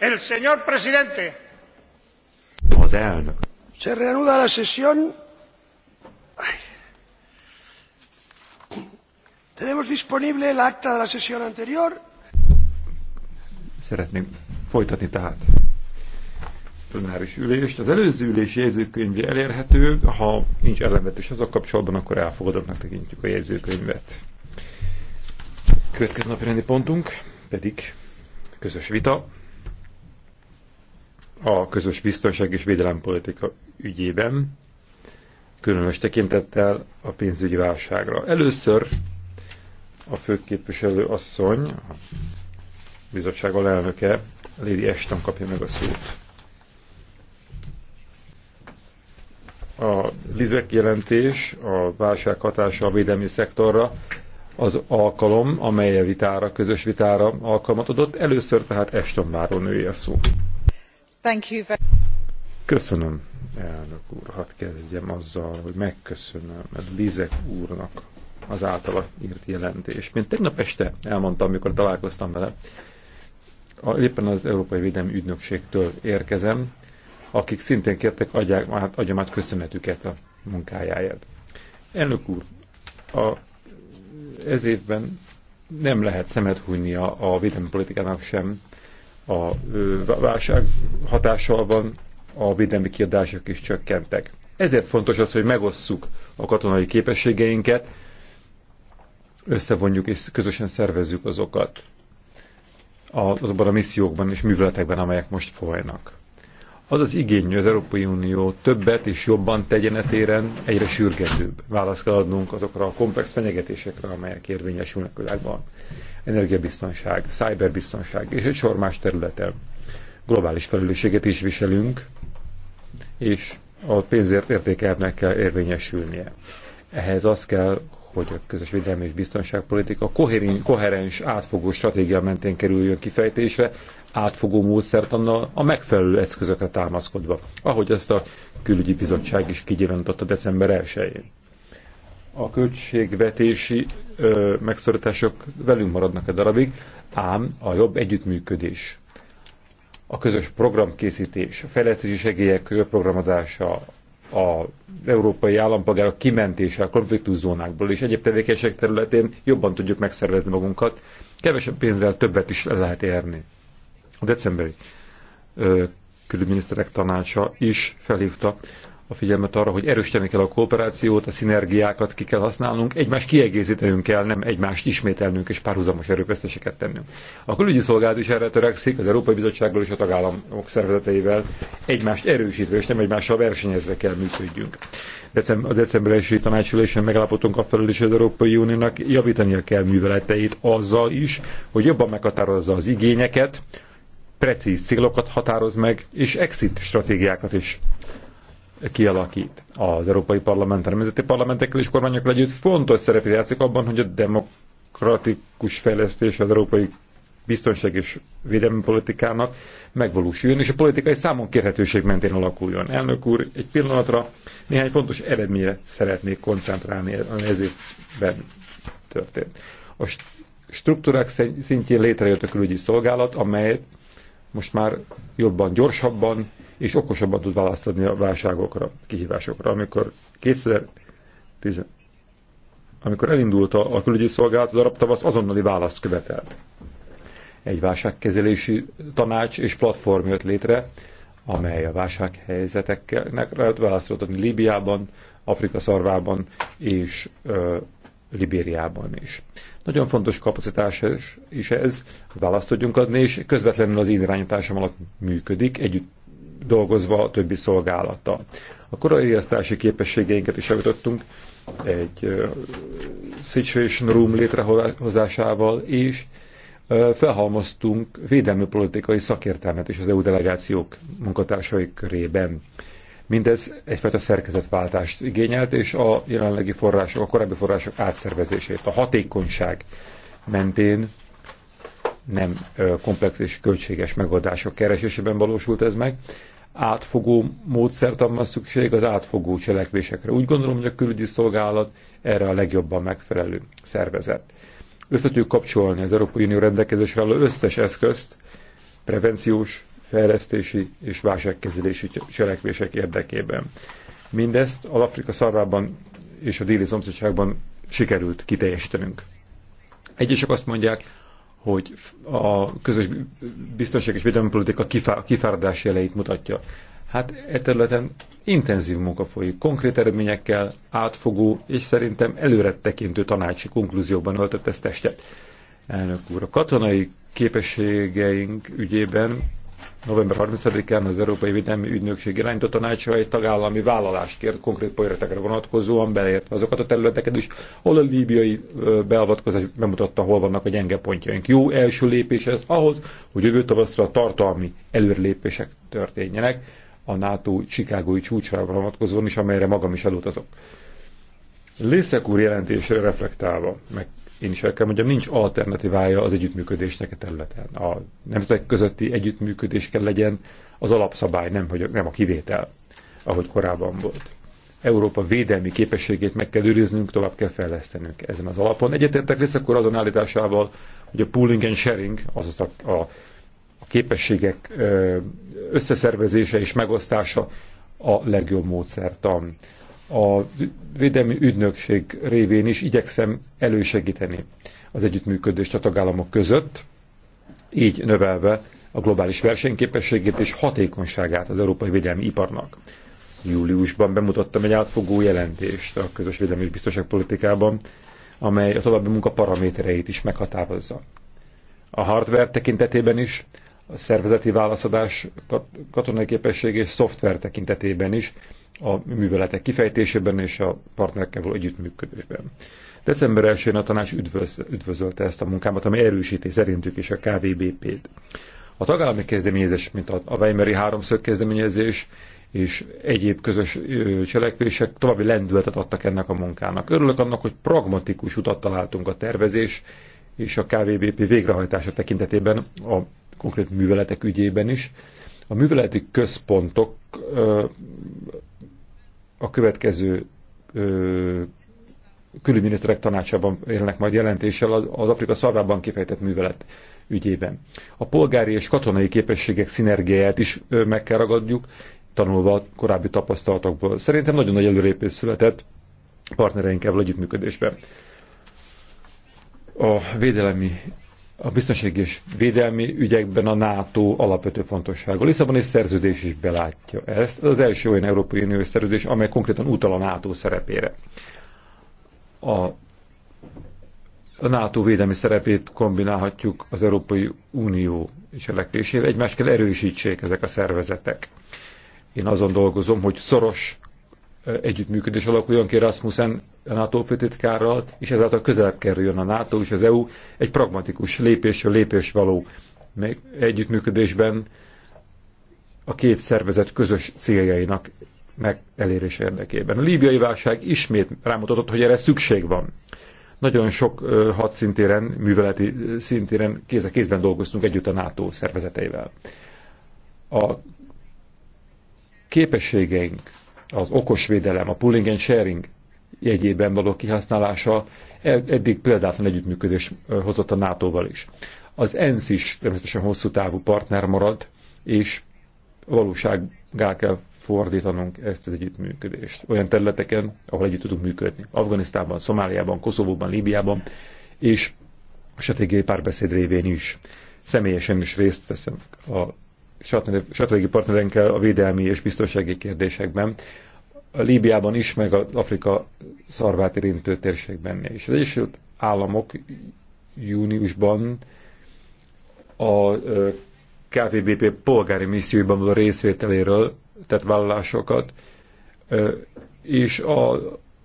El señor presidente. Az elnök. Se reanuda la sesión. Tenemos disponible el acta de la sesión anterior. Szeretném folytatni tehát plenáris ülést. Az előző ülés jegyzőkönyve elérhető, ha nincs ellenvetés az a kapcsolatban, akkor elfogadottnak tekintjük a jegyzőkönyvet. Következő napi rendi pontunk pedig közös vita a közös biztonság és védelempolitika ügyében, különös tekintettel a pénzügyi válságra. Először a főképviselő asszony, a bizottság alelnöke, Lady Ashton kapja meg a szót. A Lizek jelentés, a válság hatása a védelmi szektorra az alkalom, amely a vitára, közös vitára alkalmat adott. Először tehát Ashton báró női a szót. Köszönöm, elnök úr. Hadd kezdjem azzal, hogy megköszönöm Lizek úrnak az általa írt jelentést. Mint tegnap este elmondtam, amikor találkoztam vele, éppen az Európai Védelmi Ügynökségtől érkezem, akik szintén kértek adják, át, adjam át köszönetüket a munkájáért. Elnök úr, a, ez évben nem lehet szemet hunyni a, a védelmi politikának sem, a válság hatással van, a védelmi kiadások is csökkentek. Ezért fontos az, hogy megosszuk a katonai képességeinket, összevonjuk és közösen szervezzük azokat azokban a missziókban és műveletekben, amelyek most folynak az az igény, hogy az Európai Unió többet és jobban tegyen e téren, egyre sürgetőbb választ kell adnunk azokra a komplex fenyegetésekre, amelyek érvényesülnek világban. Energiabiztonság, cyberbiztonság és egy sor más területen. Globális felelősséget is viselünk, és a pénzért értékelnek kell érvényesülnie. Ehhez az kell, hogy a közös védelmi és biztonságpolitika koherens, átfogó stratégia mentén kerüljön kifejtésre, átfogó módszertannal a megfelelő eszközökre támaszkodva, ahogy ezt a külügyi bizottság is kigyilvánította december 1-én. A költségvetési ö, megszorítások velünk maradnak a darabig, ám a jobb együttműködés, a közös programkészítés, a fejlesztési segélyek programadása, a európai állampolgárok kimentése a konfliktuszónákból és egyéb tevékenység területén jobban tudjuk megszervezni magunkat, kevesebb pénzzel többet is lehet érni. A decemberi ö, külügyminiszterek tanácsa is felhívta a figyelmet arra, hogy erősíteni kell a kooperációt, a szinergiákat ki kell használnunk, egymást kiegészítenünk kell, nem egymást ismételnünk és párhuzamos erőfeszteseket tennünk. A külügyi szolgálat is erre törekszik, az Európai Bizottsággal és a tagállamok szervezeteivel egymást erősítve és nem egymással versenyezve kell működjünk. Decem, a decemberesi tanácsülésen megállapodtunk a felül is az Európai Uniónak javítania kell műveleteit azzal is, hogy jobban meghatározza az igényeket, precíz célokat határoz meg, és exit stratégiákat is kialakít. Az Európai Parlament, a nemzeti parlamentekkel és kormányokkal együtt fontos szerepet játszik abban, hogy a demokratikus fejlesztés az európai biztonság és védelmi politikának megvalósuljon, és a politikai számon kérhetőség mentén alakuljon. Elnök úr, egy pillanatra néhány fontos eredményre szeretnék koncentrálni, ami ezért történt. A struktúrák szintjén létrejött a külügyi szolgálat, amelyet most már jobban, gyorsabban és okosabban tud választani a válságokra, kihívásokra. Amikor 2010, amikor elindult a, külügyi szolgálat, az arab tavasz azonnali választ követelt. Egy válságkezelési tanács és platform jött létre, amely a válsághelyzeteknek lehet választ Líbiában, Afrika szarvában és ö, Libériában is. Nagyon fontos kapacitás is ez, választ tudjunk adni, és közvetlenül az én irányításom alatt működik, együtt dolgozva a többi szolgálata. A korai riasztási képességeinket is elvetettünk egy uh, Situation Room létrehozásával, és uh, felhalmoztunk védelmi politikai szakértelmet is az EU delegációk munkatársai körében. Uh, Mindez egyfajta szerkezetváltást igényelt, és a jelenlegi források, a korábbi források átszervezését. A hatékonyság mentén nem komplex és költséges megoldások keresésében valósult ez meg. Átfogó módszert van szükség az átfogó cselekvésekre. Úgy gondolom, hogy a külügyi szolgálat erre a legjobban megfelelő szervezet. Összetűk kapcsolni az Európai Unió rendelkezésre álló összes eszközt, prevenciós, fejlesztési és válságkezelési cselekvések érdekében. Mindezt Afrika szarvában és a déli szomszédságban sikerült kiteljesítenünk. Egyesek azt mondják, hogy a közös biztonság és védelmi politika kifáradás jeleit mutatja. Hát e területen intenzív munka folyik, konkrét eredményekkel, átfogó és szerintem előre tekintő tanácsi konklúzióban öltött ezt testet. Elnök úr, a katonai képességeink ügyében november 30-án az Európai Védelmi Ügynökség irányító tanácsa egy tagállami vállalást kért konkrét projektekre vonatkozóan, beleértve azokat a területeket is, ahol a líbiai beavatkozás bemutatta, hol vannak a gyenge pontjaink. Jó első lépés ez ahhoz, hogy jövő tavaszra tartalmi előrelépések történjenek a NATO Csikágói csúcsra vonatkozóan is, amelyre magam is elutazok. Lészek úr jelentésre reflektálva, meg én is el kell mondjam, nincs alternatívája az együttműködésnek a területen. A nemzetek közötti együttműködés kell legyen az alapszabály, nem, hogy, nem a kivétel, ahogy korábban volt. Európa védelmi képességét meg kell őriznünk, tovább kell fejlesztenünk ezen az alapon. Egyetértek Lészek akkor azon állításával, hogy a pooling and sharing, azaz a, a képességek összeszervezése és megosztása a legjobb módszertan a védelmi ügynökség révén is igyekszem elősegíteni az együttműködést a tagállamok között, így növelve a globális versenyképességét és hatékonyságát az európai védelmi iparnak. Júliusban bemutattam egy átfogó jelentést a közös védelmi és biztonságpolitikában, amely a további munka paramétereit is meghatározza. A hardware tekintetében is, a szervezeti válaszadás, katonai képesség és szoftver tekintetében is a műveletek kifejtésében és a partnerekkel való együttműködésben. December 1-én a tanács üdvöz, üdvözölte ezt a munkámat, ami erősíti szerintük is a KVBP-t. A tagállami kezdeményezés, mint a Weimeri háromszög kezdeményezés és egyéb közös cselekvések további lendületet adtak ennek a munkának. Örülök annak, hogy pragmatikus utat találtunk a tervezés és a KVBP végrehajtása tekintetében a konkrét műveletek ügyében is. A műveleti központok a következő ö, külügyminiszterek tanácsában élnek majd jelentéssel az Afrika szarvában kifejtett művelet ügyében. A polgári és katonai képességek szinergiáját is meg kell ragadjuk, tanulva a korábbi tapasztalatokból. Szerintem nagyon nagy előrépés született partnereinkkel együttműködésben. A védelemi a biztonsági és védelmi ügyekben a NATO alapvető fontossága. A Lisszaboni szerződés is belátja ezt. Ez az első olyan Európai Unió szerződés, amely konkrétan utal a NATO szerepére. A, a NATO védelmi szerepét kombinálhatjuk az Európai Unió cselekvésével. Egymást kell erősítsék ezek a szervezetek. Én azon dolgozom, hogy szoros együttműködés alakuljon ki Rasmussen a NATO főtitkárral, és ezáltal közelebb kerüljön a NATO és az EU egy pragmatikus lépésről lépés való együttműködésben a két szervezet közös céljainak meg elérés érdekében. A líbiai válság ismét rámutatott, hogy erre szükség van. Nagyon sok hadszintéren, műveleti szintéren kéz a kézben dolgoztunk együtt a NATO szervezeteivel. A képességeink, az okos védelem, a pooling and sharing jegyében való kihasználása e- eddig példátlan együttműködés hozott a NATO-val is. Az ENSZ is természetesen hosszú távú partner marad, és valósággá kell fordítanunk ezt az együttműködést. Olyan területeken, ahol együtt tudunk működni. Afganisztánban, Szomáliában, Koszovóban, Líbiában, és a stratégiai párbeszéd révén is. Személyesen is részt veszem a stratégiai partnerenkkel a védelmi és biztonsági kérdésekben, a Líbiában is, meg az Afrika szarvát érintő térségben is. Az Egyesült Államok júniusban a KVBP polgári misszióiban a részvételéről tett vállalásokat, és a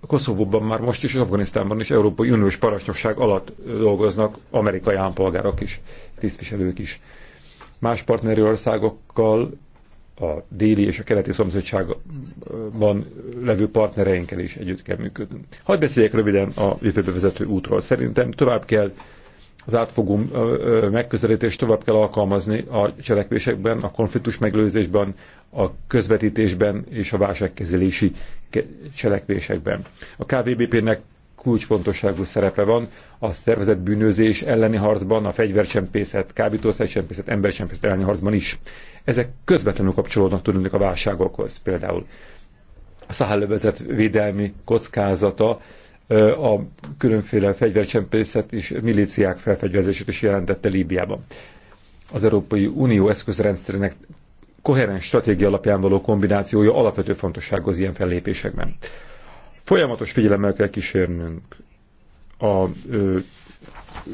Koszovóban már most is, és Afganisztánban is Európai Uniós parancsnokság alatt dolgoznak amerikai állampolgárok is, tisztviselők is más partneri országokkal, a déli és a keleti szomszédságban levő partnereinkkel is együtt kell működnünk. Hadd beszéljek röviden a jövőbe vezető útról. Szerintem tovább kell az átfogó megközelítést tovább kell alkalmazni a cselekvésekben, a konfliktus meglőzésben, a közvetítésben és a válságkezelési cselekvésekben. A KVBP-nek kulcsfontosságú szerepe van a szervezett bűnözés elleni harcban, a fegyvercsempészet, kábítószercsempészet, embercsempészet elleni harcban is. Ezek közvetlenül kapcsolódnak tudnak a válságokhoz például. A szállövezet védelmi kockázata a különféle fegyvercsempészet és milíciák felfegyverzését is jelentette Líbiában. Az Európai Unió eszközrendszerének koherens stratégia alapján való kombinációja alapvető fontosságú az ilyen fellépésekben. Folyamatos figyelemmel kell kísérnünk a ö,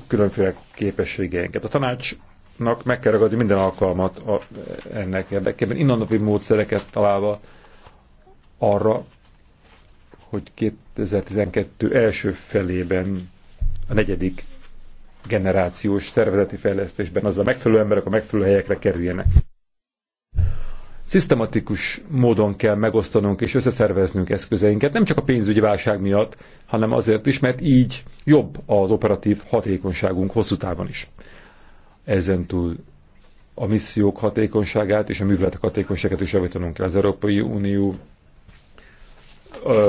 különféle képességeinket. A tanácsnak meg kell ragadni minden alkalmat a, ennek érdekében, innovatív módszereket találva arra, hogy 2012 első felében a negyedik generációs szervezeti fejlesztésben az a megfelelő emberek a megfelelő helyekre kerüljenek szisztematikus módon kell megosztanunk és összeszerveznünk eszközeinket, nem csak a pénzügyi válság miatt, hanem azért is, mert így jobb az operatív hatékonyságunk hosszú távon is. Ezen túl a missziók hatékonyságát és a műveletek hatékonyságát is javítanunk kell. Az Európai Unió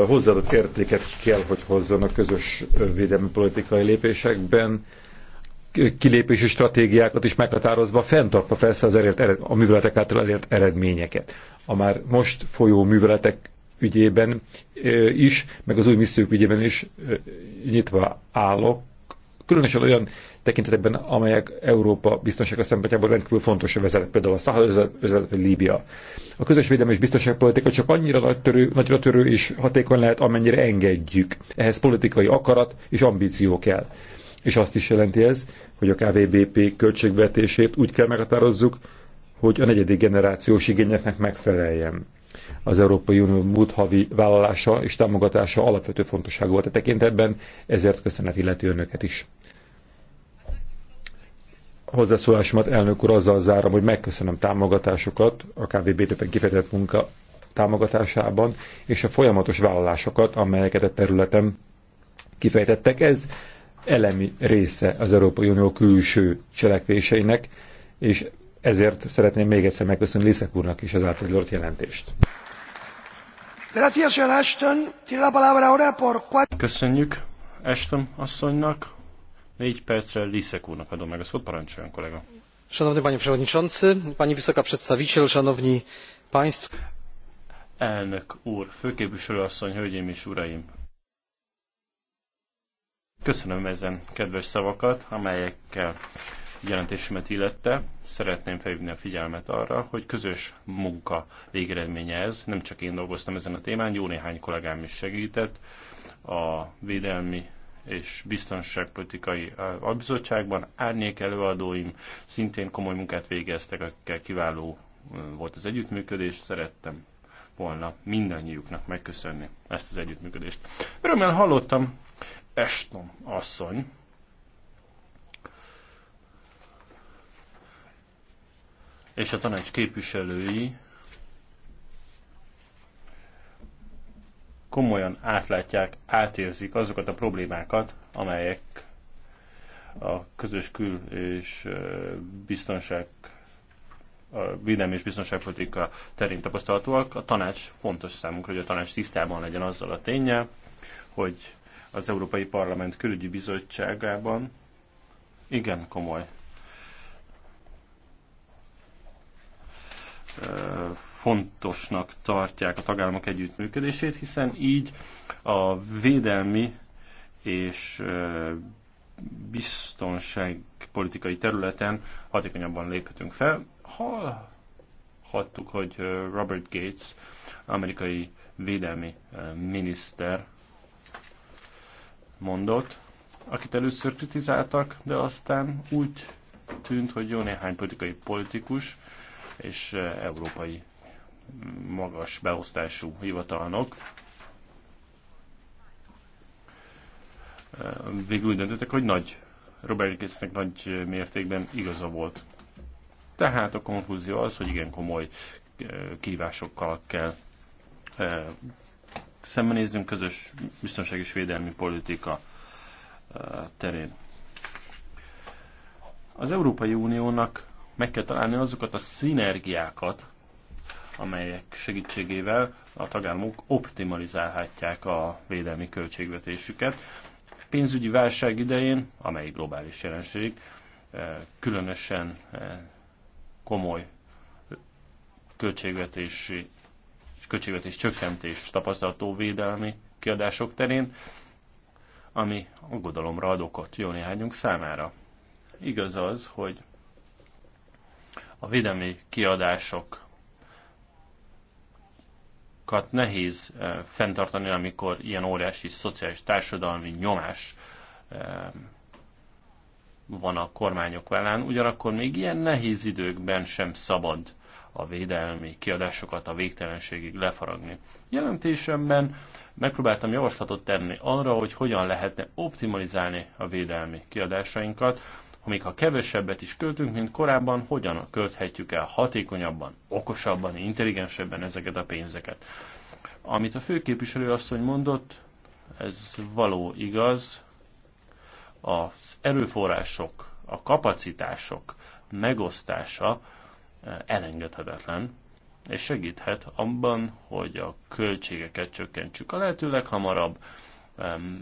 hozzáadott értéket kell, hogy hozzon a közös védelmi politikai lépésekben, kilépési stratégiákat is meghatározva, fenntartva persze az elért, ered, a műveletek által elért eredményeket. A már most folyó műveletek ügyében is, meg az új missziók ügyében is nyitva állok, különösen olyan tekintetekben, amelyek Európa biztonsága szempontjából rendkívül fontos vezet, például a Szahal vezet, vagy Líbia. A közös védelmi és biztonságpolitika csak annyira törő, nagyra törő és hatékony lehet, amennyire engedjük. Ehhez politikai akarat és ambíció kell és azt is jelenti ez, hogy a KVBP költségvetését úgy kell meghatározzuk, hogy a negyedik generációs igényeknek megfeleljen. Az Európai Unió múlt havi vállalása és támogatása alapvető fontosságú volt a tekintetben, ezért köszönet illeti önöket is. A hozzászólásomat elnök úr azzal zárom, hogy megköszönöm támogatásokat, a kvbp többen kifejtett munka támogatásában, és a folyamatos vállalásokat, amelyeket a területen kifejtettek. Ez elemi része az Európai Unió külső cselekvéseinek, és ezért szeretném még egyszer megköszönni Liszek úrnak is az átadott jelentést. Köszönjük Ashton asszonynak. Négy percre Liszek úrnak adom meg a szót, parancsoljon kollega. Szanowny panie przewodniczący, pani wysoka przedstawiciel, szanowni państwo. Elnök úr, főképviselő asszony, hölgyeim és uraim, Köszönöm ezen kedves szavakat, amelyekkel jelentésemet illette. Szeretném felhívni a figyelmet arra, hogy közös munka végeredménye ez. Nem csak én dolgoztam ezen a témán, jó néhány kollégám is segített a védelmi és biztonságpolitikai albizottságban. Árnyék előadóim szintén komoly munkát végeztek, akikkel kiváló volt az együttműködés, szerettem volna mindannyiuknak megköszönni ezt az együttműködést. Örömmel hallottam Eston asszony és a tanács képviselői komolyan átlátják, átérzik azokat a problémákat, amelyek a közös kül- és biztonság a védelmi és biztonságpolitika terén tapasztalatúak. A tanács fontos számunkra, hogy a tanács tisztában legyen azzal a tényel, hogy az Európai Parlament Külügyi Bizottságában. Igen, komoly. fontosnak tartják a tagállamok együttműködését, hiszen így a védelmi és biztonságpolitikai területen hatékonyabban léphetünk fel. Hallhattuk, hogy Robert Gates, amerikai védelmi miniszter mondott, akit először kritizáltak, de aztán úgy tűnt, hogy jó néhány politikai politikus és eh, európai magas beosztású hivatalnok eh, végül úgy döntöttek, hogy nagy Robert Gatesnek nagy mértékben igaza volt. Tehát a konklúzió az, hogy igen komoly eh, kívásokkal kell szembenéznünk közös biztonság és védelmi politika uh, terén. Az Európai Uniónak meg kell találni azokat a szinergiákat, amelyek segítségével a tagállamok optimalizálhatják a védelmi költségvetésüket. Pénzügyi válság idején, amely globális jelenség, eh, különösen eh, komoly költségvetési költségvetés csökkentés tapasztalató védelmi kiadások terén, ami aggodalomra ad okot jó néhányunk számára. Igaz az, hogy a védelmi kiadásokat nehéz eh, fenntartani, amikor ilyen óriási szociális társadalmi nyomás eh, van a kormányok vállán, ugyanakkor még ilyen nehéz időkben sem szabad a védelmi kiadásokat a végtelenségig lefaragni. Jelentésemben megpróbáltam javaslatot tenni arra, hogy hogyan lehetne optimalizálni a védelmi kiadásainkat, még ha kevesebbet is költünk, mint korábban, hogyan költhetjük el hatékonyabban, okosabban, intelligensebben ezeket a pénzeket. Amit a főképviselő asszony mondott, ez való igaz, az erőforrások, a kapacitások megosztása elengedhetetlen, és segíthet abban, hogy a költségeket csökkentsük. A lehető leghamarabb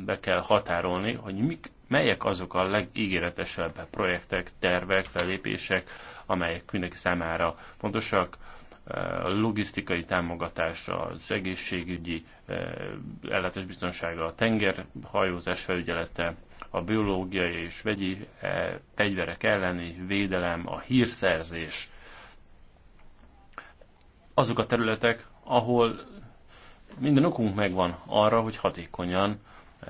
be kell határolni, hogy mik, melyek azok a legígéretesebb projektek, tervek, felépések, amelyek mindenki számára fontosak, e, logisztikai támogatás, az egészségügyi e, ellátás biztonsága, a tengerhajózás felügyelete, a biológiai és vegyi e, fegyverek elleni védelem, a hírszerzés, azok a területek, ahol minden okunk megvan arra, hogy hatékonyan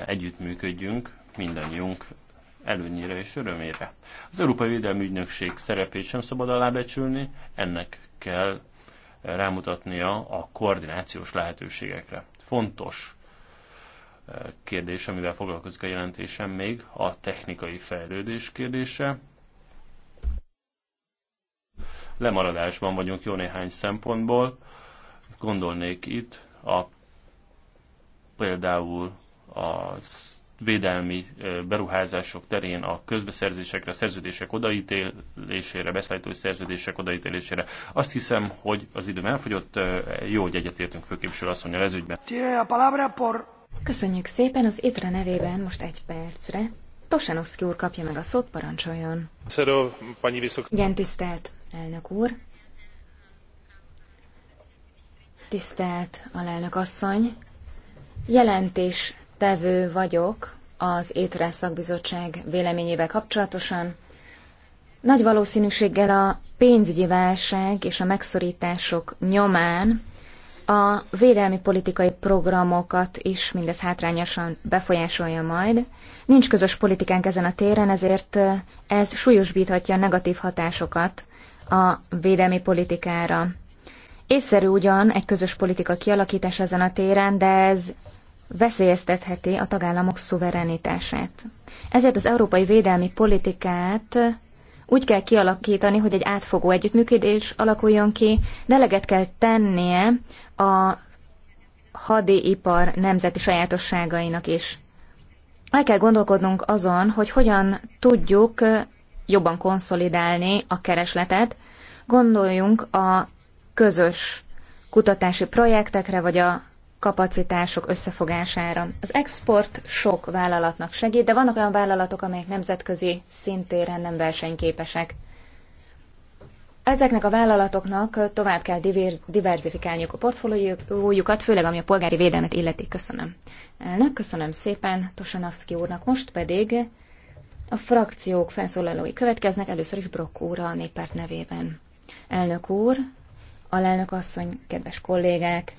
együttműködjünk mindannyiunk előnyére és örömére. Az Európai Védelmi Ügynökség szerepét sem szabad alábecsülni, ennek kell rámutatnia a koordinációs lehetőségekre. Fontos eh, kérdés, amivel foglalkozik a jelentésem még, a technikai fejlődés kérdése lemaradásban vagyunk jó néhány szempontból. Gondolnék itt a például a védelmi beruházások terén a közbeszerzésekre, a szerződések odaítélésére, beszállítói szerződések odaítélésére. Azt hiszem, hogy az időm elfogyott, jó, hogy egyetértünk főképviselő asszony a ügyben. Köszönjük szépen, az étre nevében most egy percre. Tosanovszki úr kapja meg a szót, parancsoljon. Igen, tisztelt elnök úr! Tisztelt alelnök asszony! Jelentés tevő vagyok az Étre Szakbizottság véleményével kapcsolatosan. Nagy valószínűséggel a pénzügyi válság és a megszorítások nyomán a védelmi politikai programokat is mindez hátrányosan befolyásolja majd. Nincs közös politikánk ezen a téren, ezért ez súlyosbíthatja a negatív hatásokat a védelmi politikára. Észszerű ugyan egy közös politika kialakítás ezen a téren, de ez veszélyeztetheti a tagállamok szuverenitását. Ezért az európai védelmi politikát úgy kell kialakítani, hogy egy átfogó együttműködés alakuljon ki, de eleget kell tennie a hadiipar nemzeti sajátosságainak is. El kell gondolkodnunk azon, hogy hogyan tudjuk jobban konszolidálni a keresletet. Gondoljunk a közös kutatási projektekre, vagy a kapacitások összefogására. Az export sok vállalatnak segít, de vannak olyan vállalatok, amelyek nemzetközi szintéren nem versenyképesek. Ezeknek a vállalatoknak tovább kell diverzifikálniuk a portfóliójukat, főleg ami a polgári védelmet illeti. Köszönöm. Elnök, köszönöm szépen Tosanovszki úrnak. Most pedig a frakciók felszólalói következnek, először is Brock úr a néppárt nevében. Elnök úr, alelnök asszony, kedves kollégák!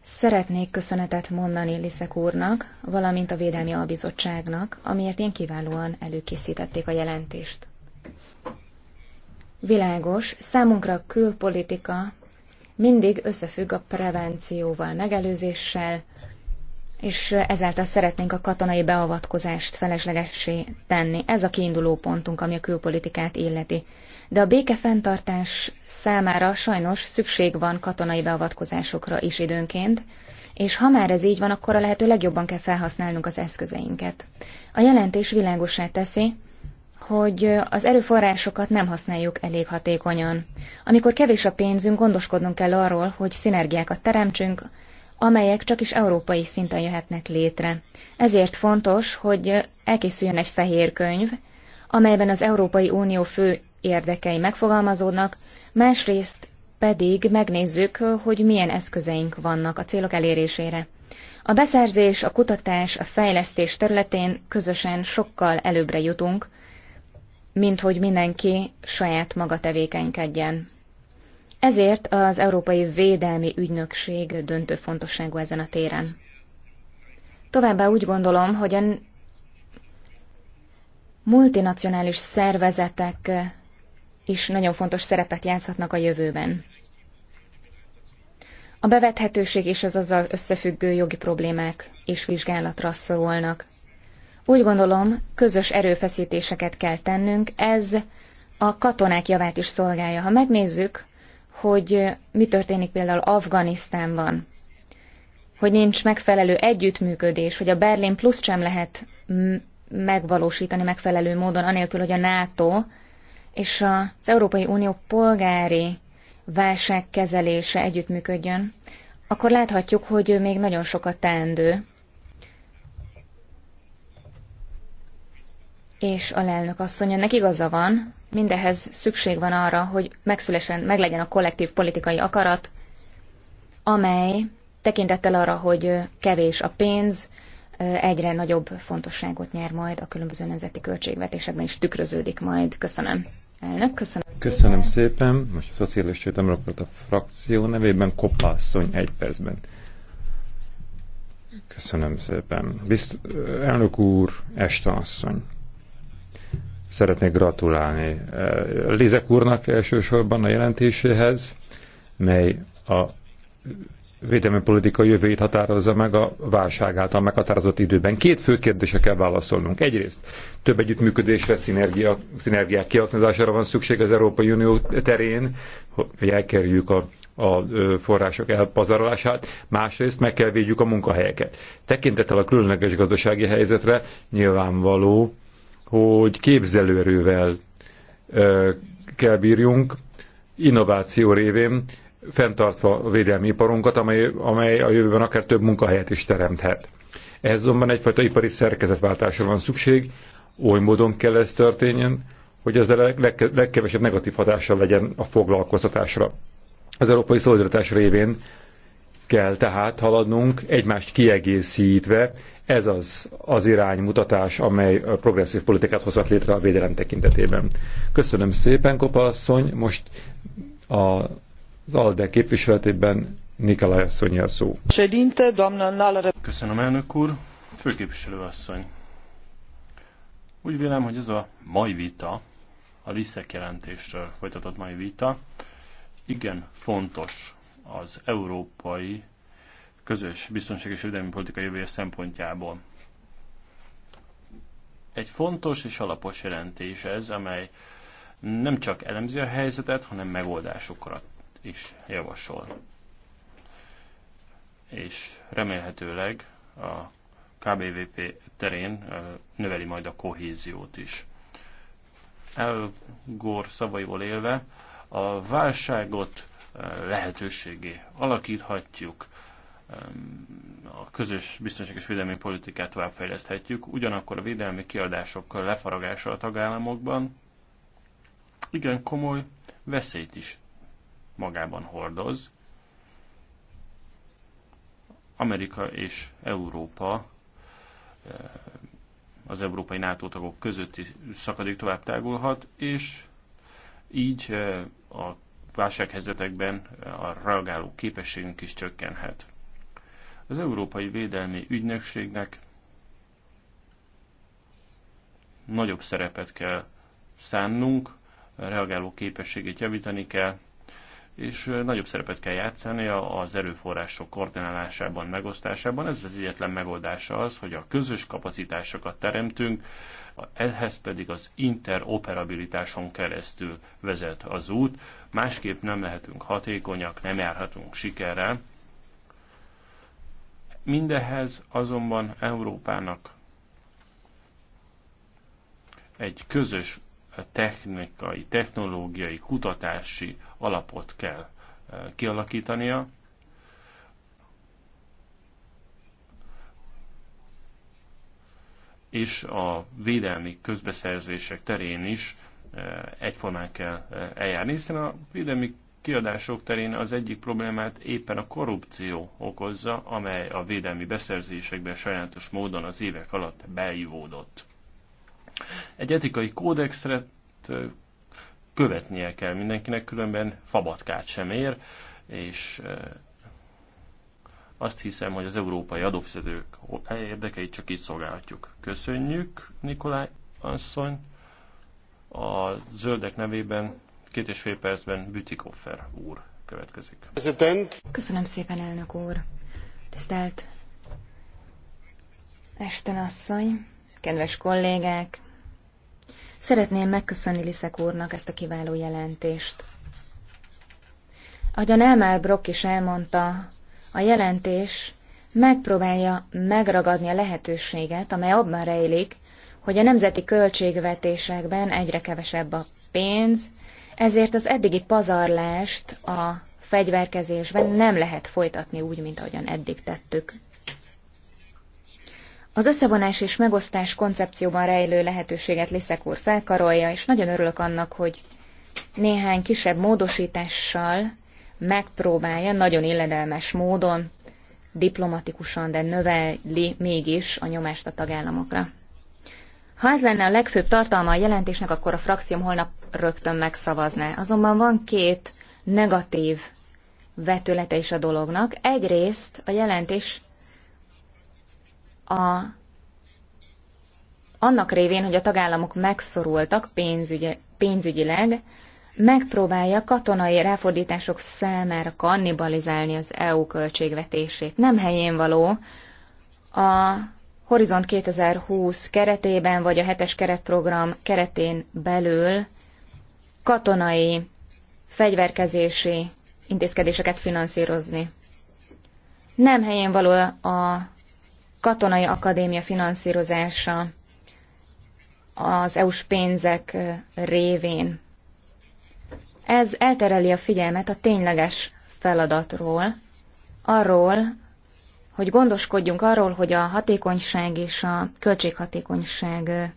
Szeretnék köszönetet mondani Liszek úrnak, valamint a Védelmi Albizottságnak, amiért én kiválóan előkészítették a jelentést. Világos, számunkra a külpolitika mindig összefügg a prevencióval, megelőzéssel, és ezáltal szeretnénk a katonai beavatkozást feleslegessé tenni. Ez a kiinduló pontunk, ami a külpolitikát illeti. De a béke fenntartás számára sajnos szükség van katonai beavatkozásokra is időnként, és ha már ez így van, akkor a lehető legjobban kell felhasználnunk az eszközeinket. A jelentés világosá teszi, hogy az erőforrásokat nem használjuk elég hatékonyan. Amikor kevés a pénzünk, gondoskodnunk kell arról, hogy szinergiákat teremtsünk, amelyek csak is európai szinten jöhetnek létre. Ezért fontos, hogy elkészüljön egy fehér könyv, amelyben az Európai Unió fő érdekei megfogalmazódnak, másrészt pedig megnézzük, hogy milyen eszközeink vannak a célok elérésére. A beszerzés, a kutatás, a fejlesztés területén közösen sokkal előbbre jutunk, mint hogy mindenki saját maga tevékenykedjen. Ezért az Európai Védelmi Ügynökség döntő fontosságú ezen a téren. Továbbá úgy gondolom, hogy a multinacionális szervezetek is nagyon fontos szerepet játszhatnak a jövőben. A bevethetőség és az azzal összefüggő jogi problémák is vizsgálatra szorulnak. Úgy gondolom, közös erőfeszítéseket kell tennünk, ez a katonák javát is szolgálja. Ha megnézzük hogy mi történik például Afganisztánban, hogy nincs megfelelő együttműködés, hogy a Berlin plusz sem lehet megvalósítani megfelelő módon, anélkül, hogy a NATO és az Európai Unió polgári válságkezelése együttműködjön, akkor láthatjuk, hogy még nagyon sokat teendő. És a lelnök asszony, neki igaza van, Mindehez szükség van arra, hogy megszülesen meglegyen a kollektív politikai akarat, amely tekintettel arra, hogy kevés a pénz, egyre nagyobb fontosságot nyer majd a különböző nemzeti költségvetésekben is tükröződik majd. Köszönöm. Elnök, köszönöm Köszönöm szépen. szépen. Most a Szociális Demokrat a frakció nevében Kopászony egy percben. Köszönöm szépen. Bizt, elnök úr, este asszony. Szeretnék gratulálni eh, Lizek úrnak elsősorban a jelentéséhez, mely a védelmi politika jövőjét határozza meg a válság által meghatározott időben. Két fő kérdésre kell válaszolnunk. Egyrészt több együttműködésre, szinergia, szinergiák kiaknázására van szükség az Európai Unió terén, hogy elkerüljük a a források elpazarolását, másrészt meg kell védjük a munkahelyeket. Tekintettel a különleges gazdasági helyzetre nyilvánvaló, hogy képzelőerővel kell bírjunk, innováció révén, fenntartva a védelmi iparunkat, amely, amely a jövőben akár több munkahelyet is teremthet. Ehhez azonban egyfajta ipari szerkezetváltásra van szükség, oly módon kell ez történjen, hogy ez a leg, legkevesebb negatív hatással legyen a foglalkoztatásra. Az európai szolidaritás révén kell tehát haladnunk, egymást kiegészítve, ez az az iránymutatás, amely a progresszív politikát hozhat létre a védelem tekintetében. Köszönöm szépen, Kopa asszony. Most a, az ALDE képviseletében Nikolaj asszony a szó. Köszönöm, elnök úr. Főképviselő asszony. Úgy vélem, hogy ez a mai vita, a Liszek jelentésről folytatott mai vita, igen fontos az európai közös biztonság és védelmi politika jövője szempontjából. Egy fontos és alapos jelentés ez, amely nem csak elemzi a helyzetet, hanem megoldásokat is javasol. És remélhetőleg a KBVP terén növeli majd a kohéziót is. Elgór szavaival élve a válságot lehetőségé alakíthatjuk, a közös biztonság és védelmi politikát továbbfejleszthetjük, ugyanakkor a védelmi kiadások lefaragása a tagállamokban igen komoly veszélyt is magában hordoz. Amerika és Európa eh, az európai NATO tagok közötti szakadék tovább tágulhat, és így eh, a válsághelyzetekben a reagáló képességünk is csökkenhet. Az Európai Védelmi Ügynökségnek nagyobb szerepet kell szánnunk, reagáló képességét javítani kell, és nagyobb szerepet kell játszania az erőforrások koordinálásában, megosztásában. Ez az egyetlen megoldása az, hogy a közös kapacitásokat teremtünk, ehhez pedig az interoperabilitáson keresztül vezet az út. Másképp nem lehetünk hatékonyak, nem járhatunk sikerrel. Mindehez azonban Európának egy közös technikai, technológiai, kutatási alapot kell eh, kialakítania. és a védelmi közbeszerzések terén is eh, egyformán kell eh, eljárni, hiszen a védelmi kiadások terén az egyik problémát éppen a korrupció okozza, amely a védelmi beszerzésekben sajátos módon az évek alatt beivódott. Egy etikai kódexre követnie kell mindenkinek, különben fabatkát sem ér, és azt hiszem, hogy az európai adófizetők érdekeit csak így szolgálhatjuk. Köszönjük, Nikolaj asszony! A zöldek nevében Két és fél percben Bütikoffer úr következik. Köszönöm szépen, elnök úr. Tisztelt Esten asszony, kedves kollégák, Szeretném megköszönni Liszek úrnak ezt a kiváló jelentést. Ahogyan Elmár Brock is elmondta, a jelentés megpróbálja megragadni a lehetőséget, amely abban rejlik, hogy a nemzeti költségvetésekben egyre kevesebb a pénz, ezért az eddigi pazarlást a fegyverkezésben nem lehet folytatni úgy, mint ahogyan eddig tettük. Az összevonás és megosztás koncepcióban rejlő lehetőséget Liszek úr felkarolja, és nagyon örülök annak, hogy néhány kisebb módosítással megpróbálja nagyon illedelmes módon, diplomatikusan, de növeli mégis a nyomást a tagállamokra. Ha ez lenne a legfőbb tartalma a jelentésnek, akkor a frakcióm holnap rögtön megszavazná. Azonban van két negatív vetülete is a dolognak. Egyrészt a jelentés a, annak révén, hogy a tagállamok megszorultak pénzügy, pénzügyileg, megpróbálja katonai ráfordítások számára kannibalizálni az EU költségvetését. Nem helyén való a Horizont 2020 keretében, vagy a hetes keretprogram keretén belül katonai fegyverkezési intézkedéseket finanszírozni. Nem helyén való a katonai akadémia finanszírozása az EU-s pénzek révén. Ez eltereli a figyelmet a tényleges feladatról, arról, hogy gondoskodjunk arról, hogy a hatékonyság és a költséghatékonyság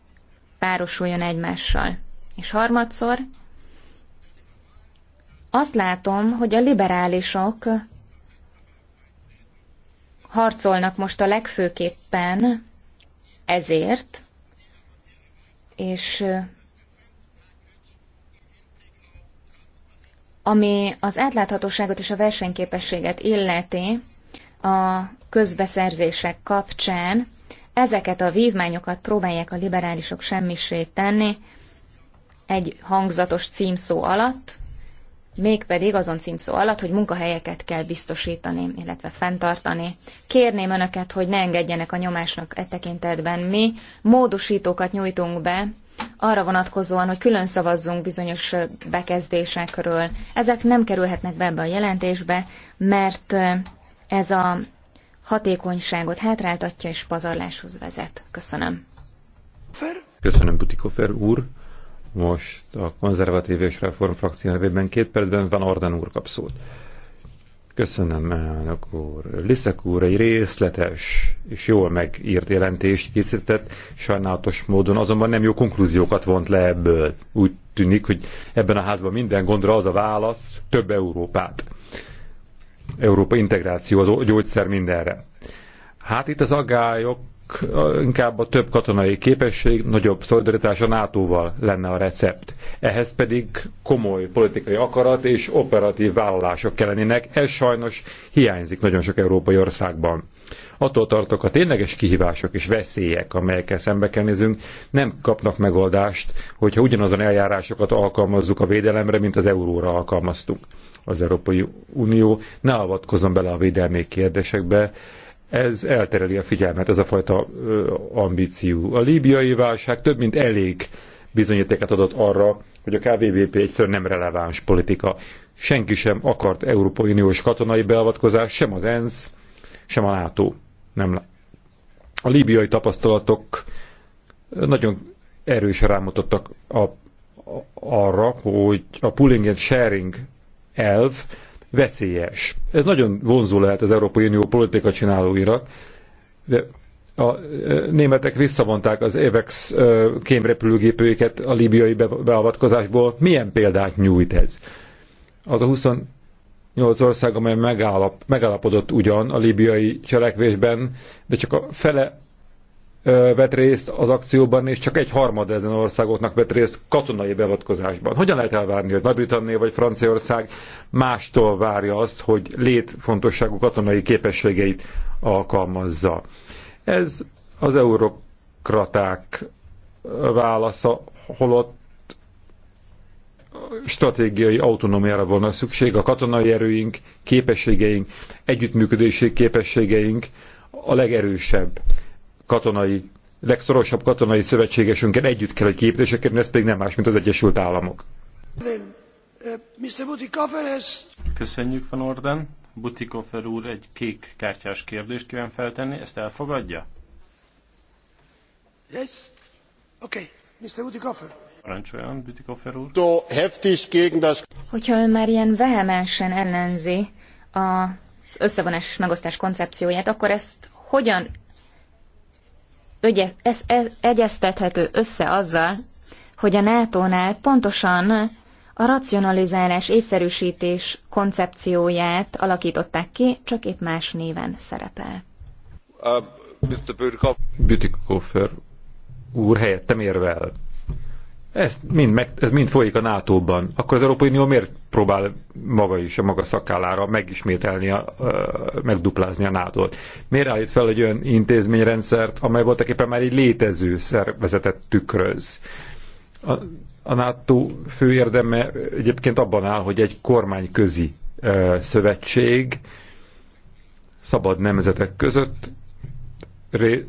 párosuljon egymással. És harmadszor, azt látom, hogy a liberálisok harcolnak most a legfőképpen ezért, és ami az átláthatóságot és a versenyképességet illeti, a közbeszerzések kapcsán ezeket a vívmányokat próbálják a liberálisok semmisé tenni egy hangzatos címszó alatt, mégpedig azon címszó alatt, hogy munkahelyeket kell biztosítani, illetve fenntartani. Kérném Önöket, hogy ne engedjenek a nyomásnak e tekintetben. Mi módosítókat nyújtunk be arra vonatkozóan, hogy külön szavazzunk bizonyos bekezdésekről. Ezek nem kerülhetnek be ebbe a jelentésbe, mert ez a hatékonyságot hátráltatja és pazarláshoz vezet. Köszönöm. Köszönöm, Butikofer úr. Most a konzervatív és reform frakció nevében két percben van Arden úr kap szót. Köszönöm, elnök úr. Liszek úr egy részletes és jól megírt jelentést készített, sajnálatos módon azonban nem jó konklúziókat vont le ebből. Úgy tűnik, hogy ebben a házban minden gondra az a válasz, több Európát. Európa integráció, az gyógyszer mindenre. Hát itt az aggályok inkább a több katonai képesség, nagyobb szolidaritás a NATO-val lenne a recept. Ehhez pedig komoly politikai akarat és operatív vállalások kellenének, ez sajnos hiányzik nagyon sok európai országban. Attól tartok, a tényleges kihívások és veszélyek, amelyekkel szembe kell nézünk, nem kapnak megoldást, hogyha ugyanazon eljárásokat alkalmazzuk a védelemre, mint az euróra alkalmaztunk. Az Európai Unió ne avatkozom bele a védelmi kérdésekbe, ez eltereli a figyelmet, ez a fajta ö, ambíció. A líbiai válság több mint elég bizonyítéket adott arra, hogy a KVVP egyszerűen nem releváns politika. Senki sem akart Európai Uniós katonai beavatkozást, sem az ENSZ, sem a NATO nem A líbiai tapasztalatok nagyon erősen rámutattak a, a, arra, hogy a pooling and sharing elv veszélyes. Ez nagyon vonzó lehet az Európai Unió politika csinálóira, de a németek visszavonták az EVEX kémrepülőgépőiket a libiai beavatkozásból. Milyen példát nyújt ez? Az a 20 nyolc ország, amely megállap, megállapodott ugyan a líbiai cselekvésben, de csak a fele vett részt az akcióban, és csak egy harmad ezen országoknak vett részt katonai beavatkozásban. Hogyan lehet elvárni, hogy Nagy-Britannia vagy Franciaország mástól várja azt, hogy létfontosságú katonai képességeit alkalmazza? Ez az eurokraták válasza, holott stratégiai autonómiára volna szükség, a katonai erőink, képességeink, együttműködési képességeink a legerősebb katonai, legszorosabb katonai szövetségesünkkel együtt kell, hogy képzéseket, ez pedig nem más, mint az Egyesült Államok. Köszönjük, Van Orden. Butikofer úr egy kék kártyás kérdést kíván feltenni, ezt elfogadja? Yes? Okay, Mr. Butikofer. Hogyha ön már ilyen vehemensen ellenzi az összevonás és megosztás koncepcióját, akkor ezt hogyan ez, ez, egyeztethető össze azzal, hogy a NATO-nál pontosan a racionalizálás észszerűsítés koncepcióját alakították ki, csak épp más néven szerepel. Uh, Mr. Bütikofer úr helyettem érvel. Ez mind, meg, ez mind folyik a NATO-ban. Akkor az Európai Unió miért próbál maga is a maga szakállára megismételni, a, megduplázni a NATO-t? Miért állít fel egy olyan intézményrendszert, amely voltak éppen már egy létező szervezetet tükröz? A, a NATO fő érdeme egyébként abban áll, hogy egy kormányközi ö, szövetség szabad nemzetek között ré,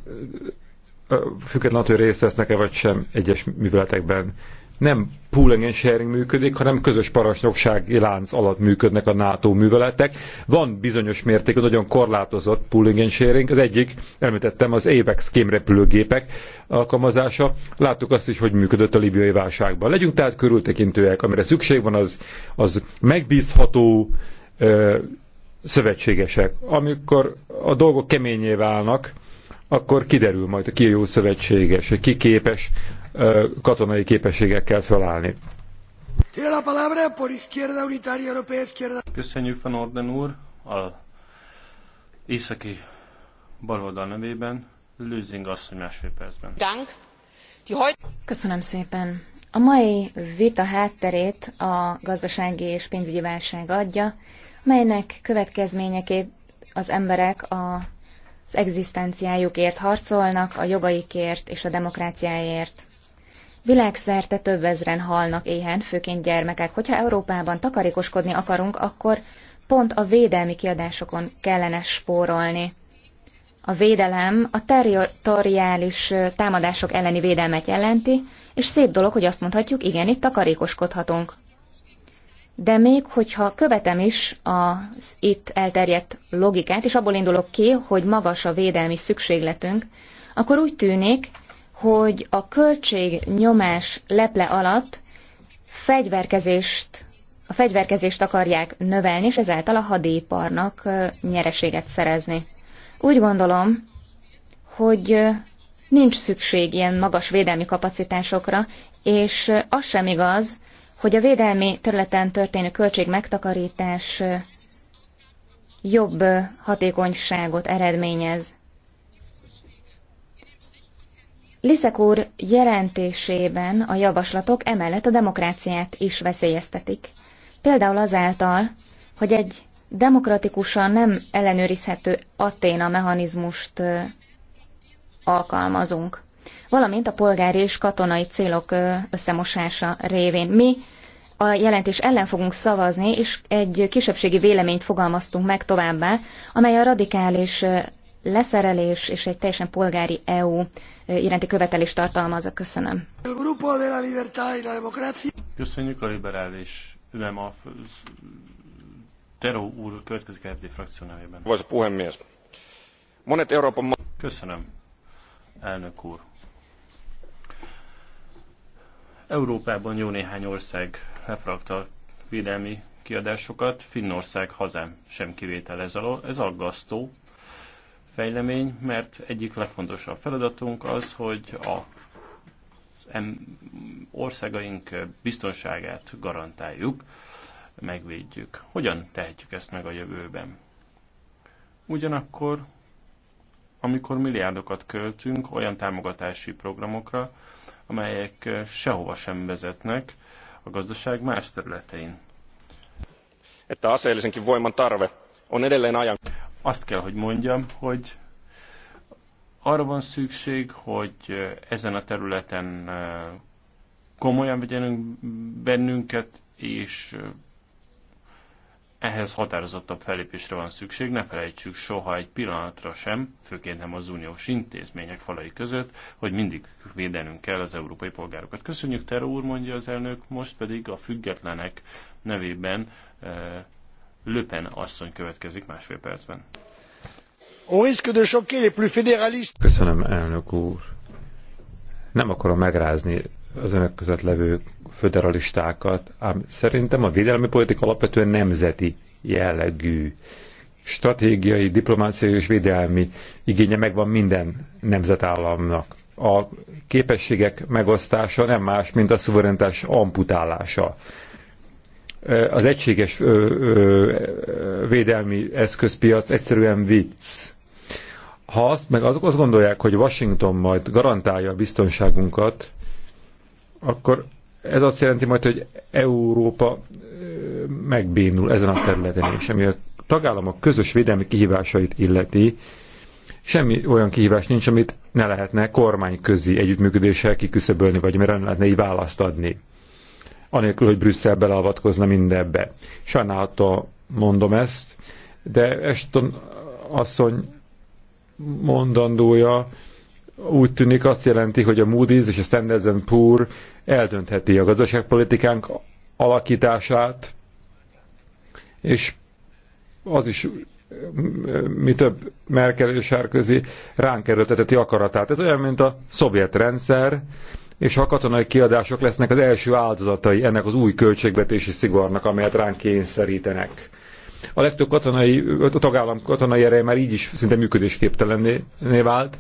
függetlenül attól részt vesznek-e vagy sem egyes műveletekben. Nem pool and sharing működik, hanem közös parancsnoksági lánc alatt működnek a NATO műveletek. Van bizonyos mértékű, nagyon korlátozott pool and sharing. Az egyik, említettem, az ABEX repülőgépek alkalmazása. Láttuk azt is, hogy működött a libiai válságban. Legyünk tehát körültekintőek, amire szükség van, az, az megbízható ö, szövetségesek. Amikor a dolgok keményé válnak, akkor kiderül majd, ki a jó szövetséges, ki képes katonai képességekkel felállni. Köszönjük Van Orden úr, a északi baloldal nevében, Lőzing asszony másfél percben. Köszönöm szépen. A mai vita hátterét a gazdasági és pénzügyi válság adja, melynek következményeként az emberek a az egzisztenciájukért harcolnak, a jogaikért és a demokráciáért. Világszerte több ezren halnak éhen, főként gyermekek. Hogyha Európában takarékoskodni akarunk, akkor pont a védelmi kiadásokon kellene spórolni. A védelem a territoriális támadások elleni védelmet jelenti, és szép dolog, hogy azt mondhatjuk, igen, itt takarékoskodhatunk de még hogyha követem is az itt elterjedt logikát, és abból indulok ki, hogy magas a védelmi szükségletünk, akkor úgy tűnik, hogy a költségnyomás leple alatt fegyverkezést, a fegyverkezést akarják növelni, és ezáltal a hadiparnak nyereséget szerezni. Úgy gondolom, hogy nincs szükség ilyen magas védelmi kapacitásokra, és az sem igaz, hogy a védelmi területen történő költség megtakarítás jobb hatékonyságot eredményez. Liszek úr jelentésében a javaslatok emellett a demokráciát is veszélyeztetik. Például azáltal, hogy egy demokratikusan nem ellenőrizhető Aténa mechanizmust alkalmazunk valamint a polgári és katonai célok összemosása révén. Mi a jelentés ellen fogunk szavazni, és egy kisebbségi véleményt fogalmaztunk meg továbbá, amely a radikális leszerelés és egy teljesen polgári EU iránti követelés tartalmazza. Köszönöm. Köszönjük a liberális, nem a Teró úr következik a FD frakció nevében. Köszönöm, elnök úr. Európában jó néhány ország lefrakta védelmi kiadásokat, Finnország hazám sem kivétel ez alól. Ez aggasztó fejlemény, mert egyik legfontosabb feladatunk az, hogy a országaink biztonságát garantáljuk, megvédjük. Hogyan tehetjük ezt meg a jövőben? Ugyanakkor, amikor milliárdokat költünk olyan támogatási programokra, amelyek sehova sem vezetnek a gazdaság más területein. Että aseellisenkin voiman tarve on edelleen ajan. Azt kell, hogy mondjam, hogy arra van szükség, hogy ezen a területen komolyan vegyenünk bennünket, és ehhez határozottabb fellépésre van szükség, ne felejtsük soha egy pillanatra sem, főként nem az uniós intézmények falai között, hogy mindig védenünk kell az európai polgárokat. Köszönjük, Teró úr, mondja az elnök, most pedig a függetlenek nevében uh, eh, Löpen asszony következik másfél percben. Köszönöm, elnök úr. Nem akarom megrázni az önök között levő föderalistákat, ám szerintem a védelmi politika alapvetően nemzeti jellegű. Stratégiai, diplomáciai és védelmi igénye megvan minden nemzetállamnak. A képességek megosztása nem más, mint a szuverenitás amputálása az egységes védelmi eszközpiac egyszerűen vicc. Ha azt, meg azok azt gondolják, hogy Washington majd garantálja a biztonságunkat, akkor ez azt jelenti majd, hogy Európa megbénul ezen a területen is, ami a tagállamok közös védelmi kihívásait illeti, semmi olyan kihívás nincs, amit ne lehetne kormányközi együttműködéssel kiküszöbölni, vagy mert nem lehetne így választ adni. Anélkül, hogy Brüsszel beleavatkozna mindebbe. Sajnálta mondom ezt, de Eston asszony mondandója úgy tűnik azt jelenti, hogy a Moody's és a Standard Poor eldöntheti a gazdaságpolitikánk alakítását, és az is mi több Merkel és Sárközi ránk erőlteteti akaratát. Ez olyan, mint a szovjet rendszer, és a katonai kiadások lesznek az első áldozatai ennek az új költségvetési szigornak, amelyet ránk kényszerítenek. A legtöbb katonai, a tagállam katonai ereje már így is szinte működésképtelenné vált,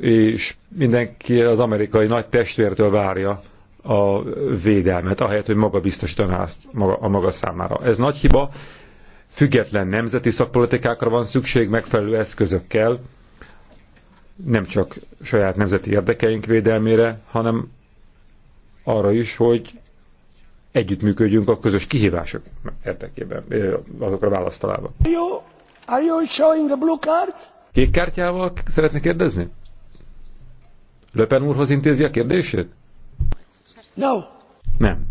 és mindenki az amerikai nagy testvértől várja a védelmet, ahelyett, hogy maga biztosítaná azt maga, a maga számára. Ez nagy hiba, független nemzeti szakpolitikákra van szükség megfelelő eszközökkel, nem csak saját nemzeti érdekeink védelmére, hanem arra is, hogy együttműködjünk a közös kihívások érdekében, azokra választalában. Kék kártyával szeretne kérdezni? Löpen úrhoz intézi a kérdését? No. Nem.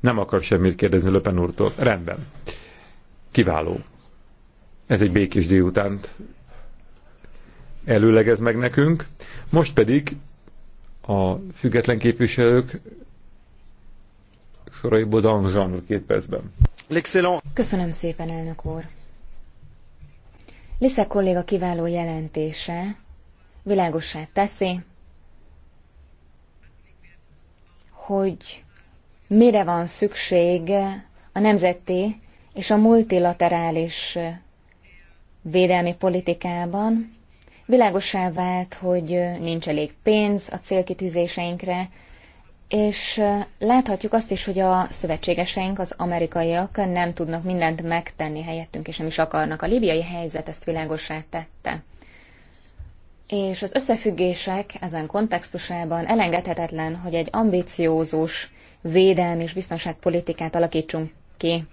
Nem akar semmit kérdezni Löpen úrtól. Rendben. Kiváló. Ez egy békés délutánt előlegez meg nekünk. Most pedig a független képviselők soraiból Danzsan két percben. Köszönöm szépen, elnök úr. Liszek kolléga kiváló jelentése világosát teszi, hogy mire van szükség a nemzeti és a multilaterális védelmi politikában. Világosá vált, hogy nincs elég pénz a célkitűzéseinkre, és láthatjuk azt is, hogy a szövetségeseink, az amerikaiak nem tudnak mindent megtenni helyettünk, és nem is akarnak. A libiai helyzet ezt világosá tette és az összefüggések ezen kontextusában elengedhetetlen, hogy egy ambiciózus védelmi és biztonságpolitikát alakítsunk ki.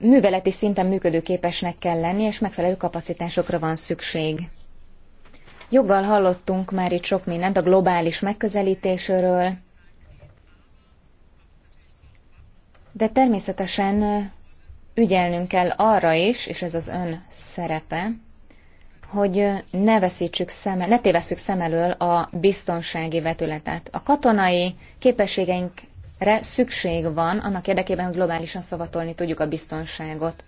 Műveleti szinten működőképesnek kell lenni, és megfelelő kapacitásokra van szükség. Joggal hallottunk már itt sok mindent a globális megközelítésről, de természetesen ügyelnünk kell arra is, és ez az ön szerepe, hogy ne veszítsük szem, ne tévesszük szem elől a biztonsági vetületet. A katonai képességeinkre szükség van annak érdekében, hogy globálisan szavatolni tudjuk a biztonságot.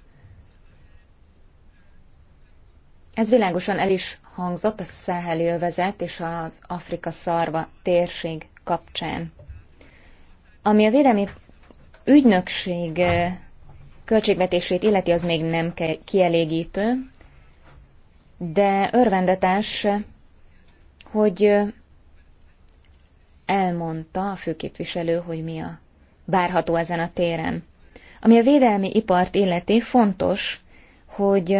Ez világosan el is hangzott a Száheli övezet és az Afrika szarva térség kapcsán. Ami a védelmi ügynökség költségvetését illeti, az még nem kielégítő, de örvendetes, hogy elmondta a főképviselő, hogy mi a bárható ezen a téren. Ami a védelmi ipart illeti, fontos, hogy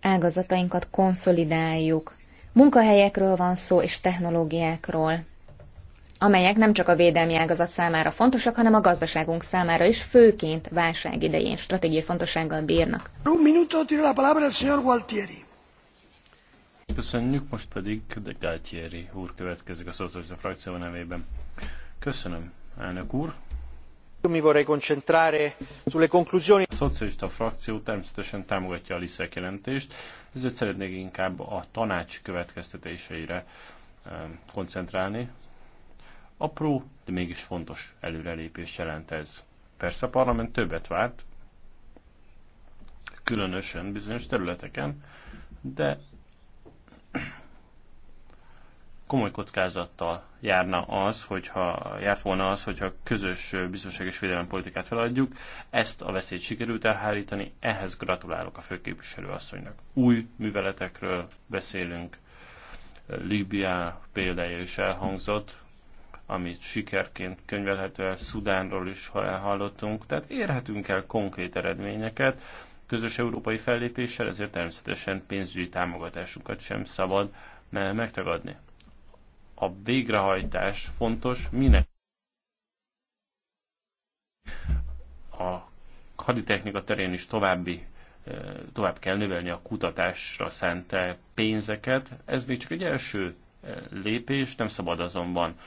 ágazatainkat konszolidáljuk. Munkahelyekről van szó és technológiákról, amelyek nem csak a védelmi ágazat számára fontosak, hanem a gazdaságunk számára is, főként válság idején stratégiai fontossággal bírnak. Un minuto tiene la palabra el señor Gualtieri. Köszönjük, most pedig de Galtieri úr következik a szocialista frakció nevében. Köszönöm, elnök úr. Mi vorrei concentrare sulle conclusioni. A szocialista frakció természetesen támogatja a LISZEK jelentést, ezért szeretnék inkább a tanács következtetéseire eh, koncentrálni. Apró, de mégis fontos előrelépés jelent ez. Persze a parlament többet várt, különösen bizonyos területeken, de komoly kockázattal járna az, hogyha járt volna az, hogyha közös biztonság és védelem politikát feladjuk. Ezt a veszélyt sikerült elhárítani, ehhez gratulálok a főképviselő asszonynak. Új műveletekről beszélünk, Líbia példája is elhangzott, amit sikerként könyvelhető el, Szudánról is hallottunk, tehát érhetünk el konkrét eredményeket, közös európai fellépéssel, ezért természetesen pénzügyi támogatásukat sem szabad eh, megtagadni a végrehajtás fontos, minek a haditechnika terén is további tovább kell növelni a kutatásra szánt pénzeket. Ez még csak egy első lépés, nem szabad azonban,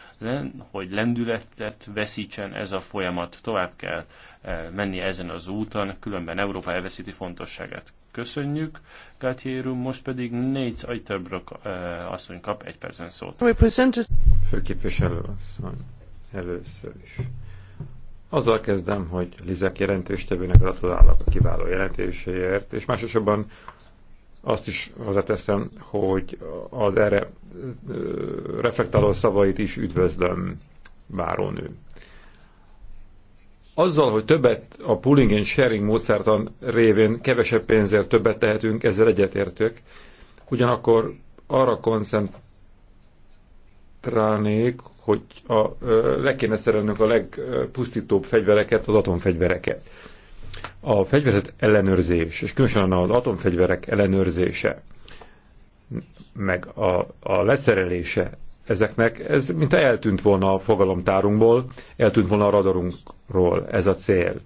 hogy lendületet veszítsen ez a folyamat, tovább kell menni ezen az úton, különben Európa elveszíti fontosságát. Köszönjük, Gátjéru, most pedig négy Ajterbrock asszony kap egy percben szót. Főképviselő asszony, először is. Azzal kezdem, hogy Lizek jelentéstevőnek gratulálok a kiváló jelentéséért, és másosabban azt is hozzáteszem, hogy az erre reflektáló szavait is üdvözlöm, várónő. Azzal, hogy többet a pooling and sharing módszertan révén kevesebb pénzért többet tehetünk, ezzel egyetértök. Ugyanakkor arra koncentrálnék, hogy a, ö, le kéne szerelnünk a legpusztítóbb fegyvereket, az atomfegyvereket. A fegyverzet ellenőrzés, és különösen az atomfegyverek ellenőrzése, meg a, a leszerelése ezeknek, ez mint eltűnt volna a fogalomtárunkból, eltűnt volna a radarunkról ez a cél.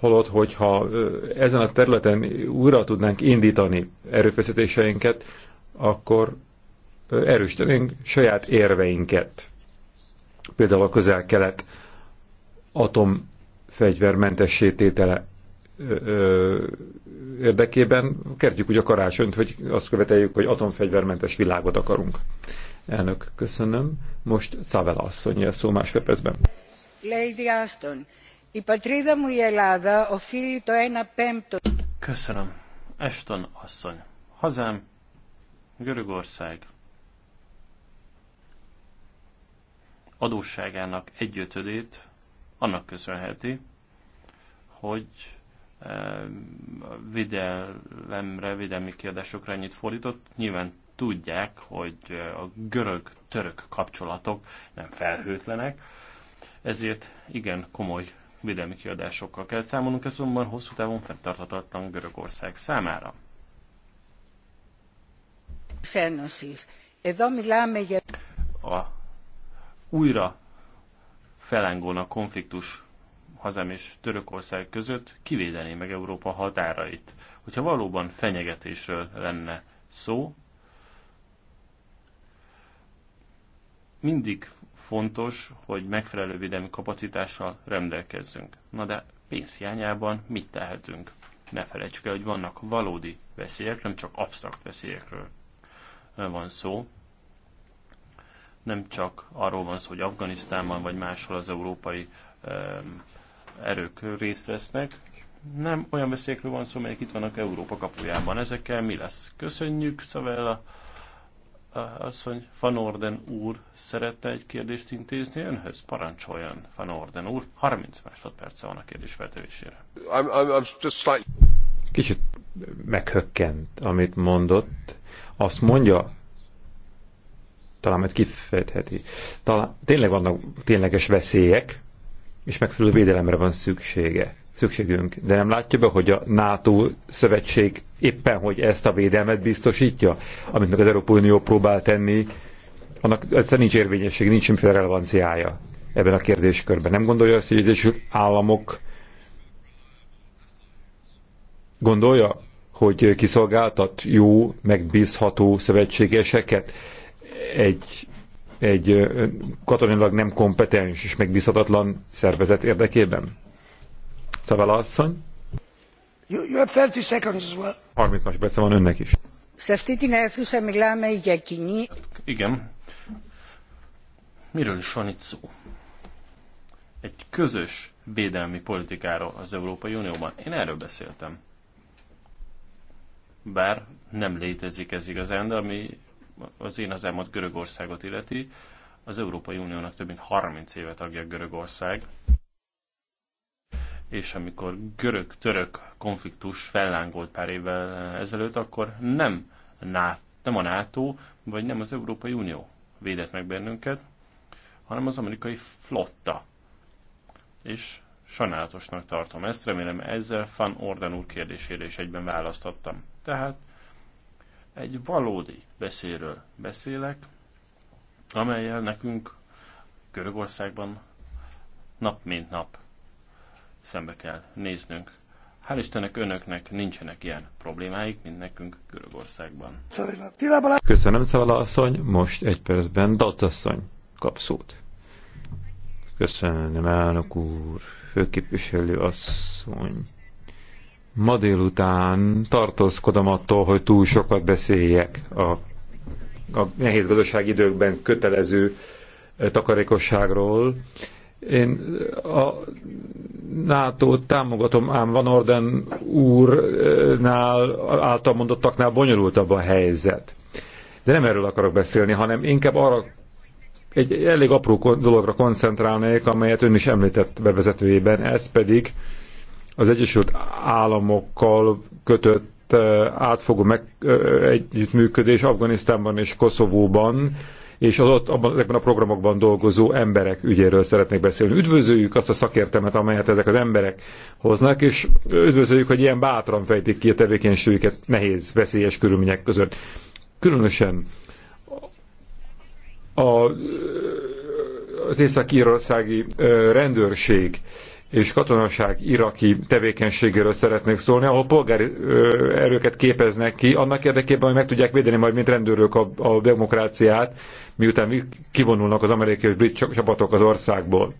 Holott, hogyha ezen a területen újra tudnánk indítani erőfeszítéseinket, akkor erősítenénk saját érveinket. Például a közel-kelet atomfegyvermentessé tétele érdekében kertjük úgy a karácsonyt, hogy azt követeljük, hogy atomfegyvermentes világot akarunk. Elnök, köszönöm. Most Cavela asszony, a szó másfél percben. Lady Aston, i patrida μου η o οφείλει το 1 πέμπτο... Köszönöm. Eston asszony. Hazám, Görögország adósságának egyötödét annak köszönheti, hogy eh, védelemre, védelmi kiadásokra ennyit fordított. Nyilván tudják, hogy a görög-török kapcsolatok nem felhőtlenek, ezért igen komoly védelmi kiadásokkal kell számolnunk, ez azonban hosszú távon fenntarthatatlan Görögország számára. A újra felángolna a konfliktus hazám és Törökország között kivédené meg Európa határait. Hogyha valóban fenyegetésről lenne szó, mindig fontos, hogy megfelelő védelmi kapacitással rendelkezzünk. Na de hiányában mit tehetünk? Ne felejtsük el, hogy vannak valódi veszélyek, nem csak absztrakt veszélyekről van szó. Nem csak arról van szó, hogy Afganisztánban vagy máshol az európai um, erők részt vesznek, nem olyan veszélyekről van szó, melyek itt vannak Európa kapujában. Ezekkel mi lesz? Köszönjük, Szavella! asszony, Van Orden úr szeretne egy kérdést intézni önhöz? Parancsoljon, Van Orden úr. 30 másodperce van a kérdés feltevésére. I'm, I'm, just slightly... Kicsit meghökkent, amit mondott. Azt mondja, talán majd kifejtheti. Talán, tényleg vannak tényleges veszélyek, és megfelelő védelemre van szüksége szükségünk. De nem látja be, hogy a NATO szövetség éppen, hogy ezt a védelmet biztosítja, amit meg az Európai Unió próbál tenni, annak egyszerűen nincs érvényesség, nincs semmiféle relevanciája ebben a kérdéskörben. Nem gondolja azt, hogy az Egyesült Államok gondolja, hogy kiszolgáltat jó, megbízható szövetségeseket egy, egy katonailag nem kompetens és megbízhatatlan szervezet érdekében? Szavala asszony. You, you have 30 seconds as well. 30 másodperce van önnek is. Σε αυτή την αίθουσα μιλάμε για κοινή... Igen. Miről is van itt szó? Egy közös védelmi politikáról az Európai Unióban. Én erről beszéltem. Bár nem létezik ez igazán, de ami az én az hazámat Görögországot illeti, az Európai Uniónak több mint 30 éve tagja Görögország és amikor görög-török konfliktus fellángolt pár évvel ezelőtt, akkor nem, NATO, nem a NATO, vagy nem az Európai Unió védett meg bennünket, hanem az amerikai flotta. És sajnálatosnak tartom ezt, remélem ezzel Fan Orden úr kérdésére is egyben választottam. Tehát egy valódi beszélről beszélek, amelyel nekünk Görögországban nap mint nap szembe kell néznünk. Hál' Istennek önöknek nincsenek ilyen problémáik, mint nekünk Görögországban. Köszönöm, Szavala asszony. Most egy percben Dac asszony kap szót. Köszönöm, elnök úr, főképviselő asszony. Ma délután tartózkodom attól, hogy túl sokat beszéljek a, a nehéz gazdasági időkben kötelező takarékosságról, én a nato támogatom, ám Van Orden úrnál, által mondottaknál bonyolultabb a helyzet. De nem erről akarok beszélni, hanem inkább arra egy elég apró dologra koncentrálnék, amelyet ön is említett bevezetőjében, ez pedig az Egyesült Államokkal kötött eh, átfogó meg, eh, együttműködés Afganisztánban és Koszovóban, és az ott abban, ezekben a programokban dolgozó emberek ügyéről szeretnék beszélni. Üdvözöljük azt a szakértelmet, amelyet ezek az emberek hoznak, és üdvözöljük, hogy ilyen bátran fejtik ki a tevékenységüket nehéz, veszélyes körülmények között. Különösen a, az észak-írországi rendőrség és katonaság iraki tevékenységéről szeretnék szólni, ahol polgári erőket képeznek ki, annak érdekében, hogy meg tudják védeni majd, mint rendőrök a, a demokráciát, miután kivonulnak az amerikai és brit csapatok az országból.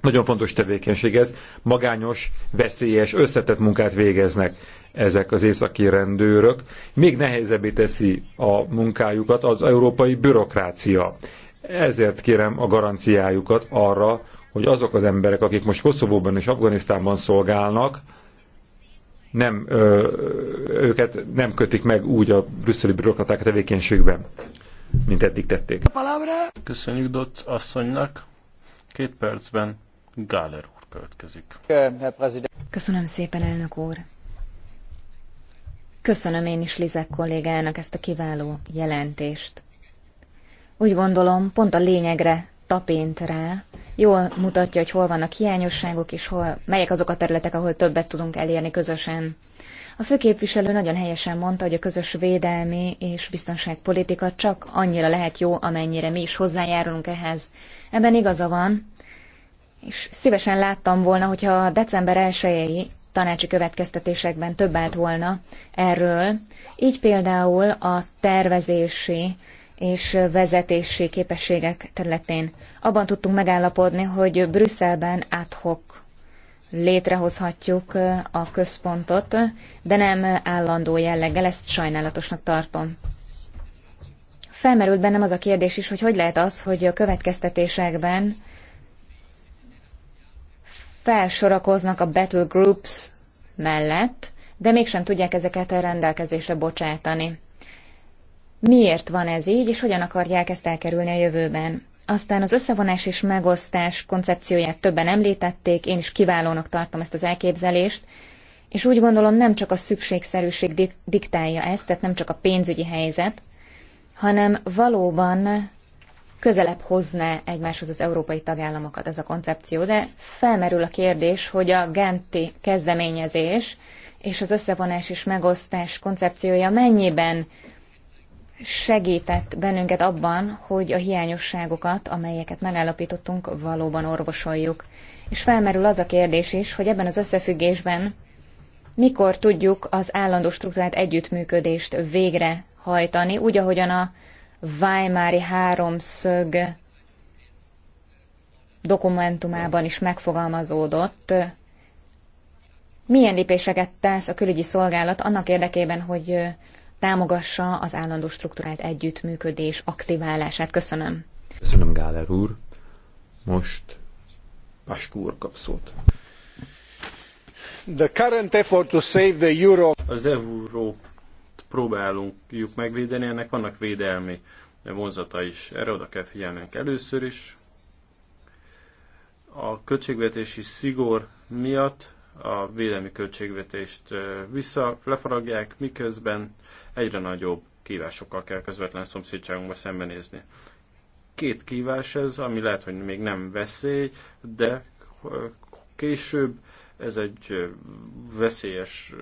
Nagyon fontos tevékenység ez, magányos, veszélyes, összetett munkát végeznek ezek az északi rendőrök. Még nehezebbé teszi a munkájukat az európai bürokrácia. Ezért kérem a garanciájukat arra, hogy azok az emberek, akik most Koszovóban és Afganisztánban szolgálnak, nem, ö, őket nem kötik meg úgy a brüsszeli bürokraták tevékenységben, mint eddig tették. Köszönjük Dott asszonynak. Két percben Gáler úr következik. Köszönöm szépen, elnök úr. Köszönöm én is Lizek kollégának ezt a kiváló jelentést. Úgy gondolom, pont a lényegre tapint rá, jól mutatja, hogy hol vannak hiányosságok, és hol, melyek azok a területek, ahol többet tudunk elérni közösen. A főképviselő nagyon helyesen mondta, hogy a közös védelmi és biztonságpolitika csak annyira lehet jó, amennyire mi is hozzájárulunk ehhez. Ebben igaza van, és szívesen láttam volna, hogyha a december 1 tanácsi következtetésekben több állt volna erről. Így például a tervezési és vezetési képességek területén. Abban tudtunk megállapodni, hogy Brüsszelben adhok létrehozhatjuk a központot, de nem állandó jelleggel, ezt sajnálatosnak tartom. Felmerült bennem az a kérdés is, hogy hogy lehet az, hogy a következtetésekben felsorakoznak a battle groups mellett, de mégsem tudják ezeket a rendelkezésre bocsátani miért van ez így, és hogyan akarják ezt elkerülni a jövőben. Aztán az összevonás és megosztás koncepcióját többen említették, én is kiválónak tartom ezt az elképzelést, és úgy gondolom nem csak a szükségszerűség diktálja ezt, tehát nem csak a pénzügyi helyzet, hanem valóban közelebb hozna egymáshoz az európai tagállamokat ez a koncepció, de felmerül a kérdés, hogy a Genti kezdeményezés és az összevonás és megosztás koncepciója mennyiben segített bennünket abban, hogy a hiányosságokat, amelyeket megállapítottunk, valóban orvosoljuk. És felmerül az a kérdés is, hogy ebben az összefüggésben mikor tudjuk az állandó struktúrát együttműködést végrehajtani, úgy ahogyan a Weimári háromszög dokumentumában is megfogalmazódott, milyen lépéseket tesz a külügyi szolgálat annak érdekében, hogy támogassa az állandó struktúrált együttműködés aktiválását. Köszönöm. Köszönöm, Gáler úr. Most Paskú úr kap szót. The current effort to save the euro... Az eurót próbálunk megvédeni, ennek vannak védelmi vonzata is. Erre oda kell figyelnünk először is. A költségvetési szigor miatt a védelmi költségvetést vissza, lefaragják, miközben egyre nagyobb kívásokkal kell közvetlen szomszédságunkba szembenézni. Két kívás ez, ami lehet, hogy még nem veszély, de később ez egy veszélyes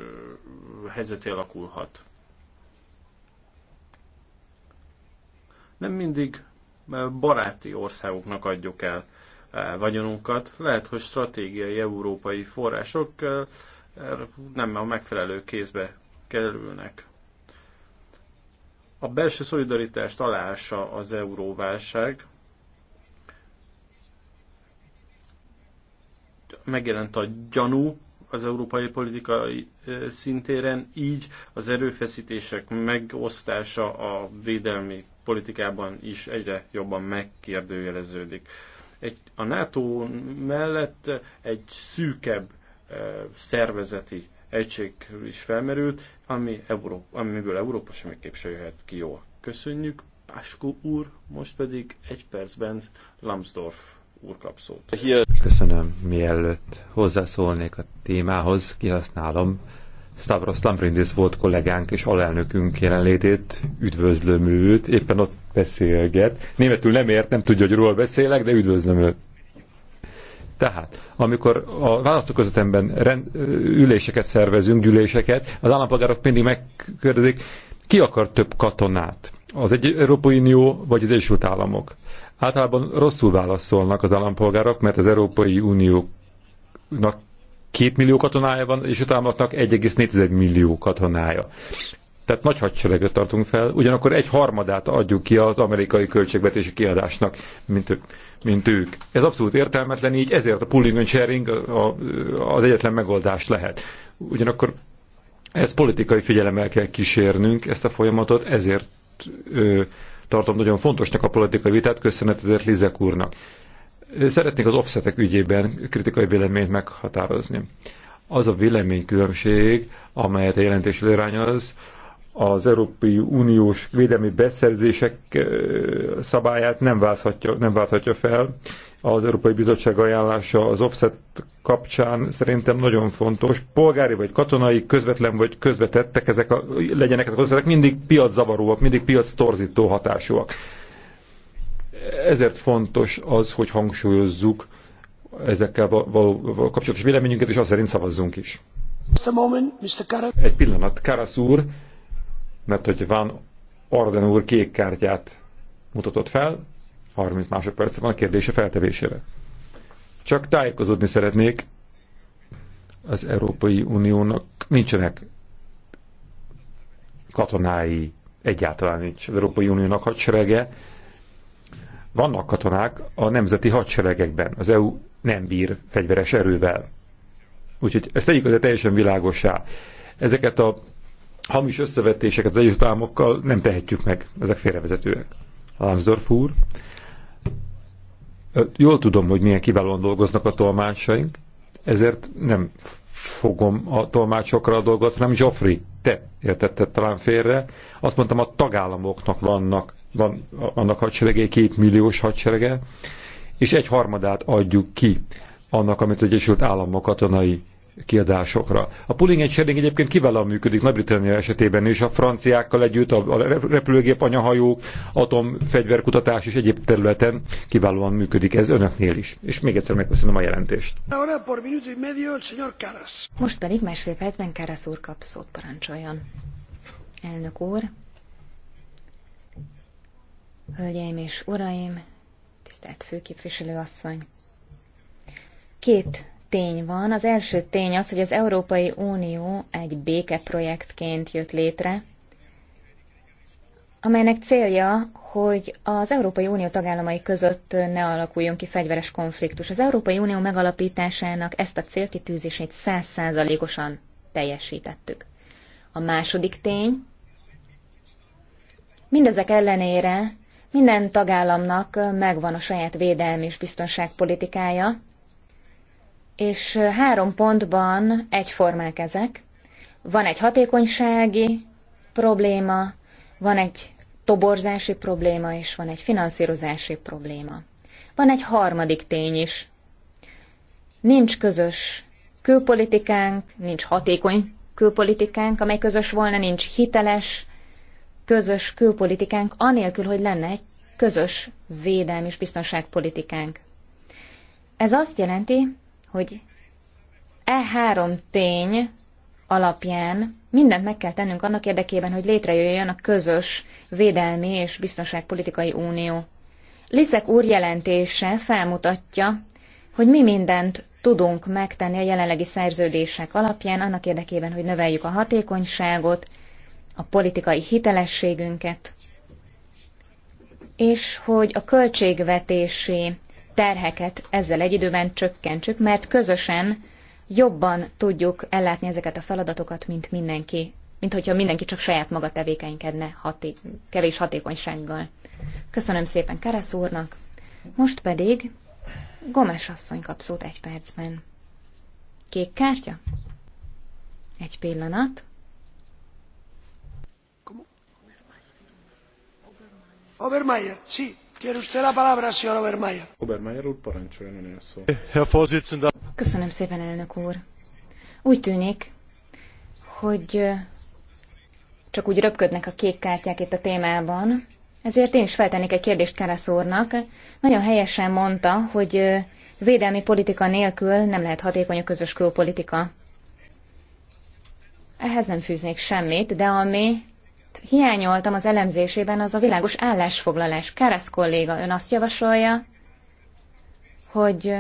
helyzeté alakulhat. Nem mindig baráti országoknak adjuk el vagyonunkat. Lehet, hogy stratégiai európai források nem a megfelelő kézbe kerülnek. A belső szolidaritást aláása az euróválság. Megjelent a gyanú az európai politikai szintéren, így az erőfeszítések megosztása a védelmi politikában is egyre jobban megkérdőjeleződik egy, a NATO mellett egy szűkebb szervezeti egység is felmerült, ami Európa, amiből Európa semmiképp se jöhet ki jól. Köszönjük, Pásku úr, most pedig egy percben Lambsdorff úr kap szót. Köszönöm, mielőtt hozzászólnék a témához, kihasználom Stavros Lambrindis volt kollégánk és alelnökünk jelenlétét, üdvözlöm őt, éppen ott beszélget. Németül nem ért, nem tudja, hogy róla beszélek, de üdvözlöm őt. Tehát, amikor a választóközetemben rend, üléseket szervezünk, gyűléseket, az állampolgárok mindig megkérdezik, ki akar több katonát? Az egy Európai Unió vagy az Egyesült Államok? Általában rosszul válaszolnak az állampolgárok, mert az Európai Uniónak 2 millió katonája van, és utámatnak 1,4 millió katonája. Tehát nagy hadsereget tartunk fel, ugyanakkor egy harmadát adjuk ki az amerikai költségvetési kiadásnak, mint ők. Mint ők. Ez abszolút értelmetlen, így ezért a pooling and sharing az egyetlen megoldás lehet. Ugyanakkor ezt politikai figyelemmel kell kísérnünk, ezt a folyamatot, ezért ö, tartom nagyon fontosnak a politikai vitát, köszönet ezért Lizek úrnak. Szeretnék az offsetek ügyében kritikai véleményt meghatározni. Az a véleménykülönbség, amelyet a jelentés lőrányoz, az Európai Uniós védelmi beszerzések szabályát nem válthatja, nem válthatja fel. Az Európai Bizottság ajánlása az offset kapcsán szerintem nagyon fontos. Polgári vagy katonai, közvetlen vagy közvetettek ezek a, legyenek ezek a mindig piac zavaróak, mindig piac torzító hatásúak. Ezért fontos az, hogy hangsúlyozzuk ezekkel való, való kapcsolatos véleményünket, és azt szerint szavazzunk is. Egy pillanat, Karasz úr, mert hogy Van Arden úr kék kártyát mutatott fel, 30 másodperc van a kérdése feltevésére. Csak tájékozódni szeretnék, az Európai Uniónak nincsenek katonái, egyáltalán nincs az Európai Uniónak hadserege, vannak katonák a nemzeti hadseregekben, az EU nem bír fegyveres erővel. Úgyhogy ezt tegyük azért teljesen világosá. Ezeket a hamis összevetéseket az Egyesült nem tehetjük meg, ezek félrevezetőek. Lambsdorff úr, jól tudom, hogy milyen kiválóan dolgoznak a tolmácsaink, ezért nem fogom a tolmácsokra a dolgot, hanem Geoffrey te értetted talán félre. Azt mondtam, a tagállamoknak vannak van annak hadserege, két milliós hadserege, és egy harmadát adjuk ki annak, amit az Egyesült Államok katonai kiadásokra. A pulling and egyébként kiválóan működik Nagy-Britannia esetében és a franciákkal együtt, a repülőgép anyahajók, atomfegyverkutatás és egyéb területen kiválóan működik ez önöknél is. És még egyszer megköszönöm a jelentést. Most pedig másfél percben Karas úr kap szót parancsoljon. Elnök úr, Hölgyeim és uraim, tisztelt asszony. Két tény van. Az első tény az, hogy az Európai Unió egy békeprojektként jött létre, amelynek célja, hogy az Európai Unió tagállamai között ne alakuljon ki fegyveres konfliktus. Az Európai Unió megalapításának ezt a célkitűzését százszázalékosan teljesítettük. A második tény, mindezek ellenére minden tagállamnak megvan a saját védelmi és biztonságpolitikája, és három pontban egyformák ezek. Van egy hatékonysági probléma, van egy toborzási probléma, és van egy finanszírozási probléma. Van egy harmadik tény is. Nincs közös külpolitikánk, nincs hatékony külpolitikánk, amely közös volna, nincs hiteles közös külpolitikánk, anélkül, hogy lenne egy közös védelmi és biztonságpolitikánk. Ez azt jelenti, hogy e három tény alapján mindent meg kell tennünk annak érdekében, hogy létrejöjjön a közös védelmi és biztonságpolitikai unió. Liszek úr jelentése felmutatja, hogy mi mindent tudunk megtenni a jelenlegi szerződések alapján annak érdekében, hogy növeljük a hatékonyságot, a politikai hitelességünket, és hogy a költségvetési terheket ezzel egy időben csökkentsük, mert közösen jobban tudjuk ellátni ezeket a feladatokat, mint mindenki, mint hogyha mindenki csak saját maga tevékenykedne haté- kevés hatékonysággal. Köszönöm szépen Karasz úrnak, most pedig Gomes asszony kap szót egy percben. Kék kártya? Egy pillanat. Köszönöm szépen, elnök úr. Úgy tűnik, hogy csak úgy röpködnek a kék kártyák itt a témában, ezért én is feltennék egy kérdést Karasz úrnak. Nagyon helyesen mondta, hogy védelmi politika nélkül nem lehet hatékony a közös külpolitika. Ehhez nem fűznék semmit, de ami hiányoltam az elemzésében, az a világos állásfoglalás. Karasz kolléga, ön azt javasolja, hogy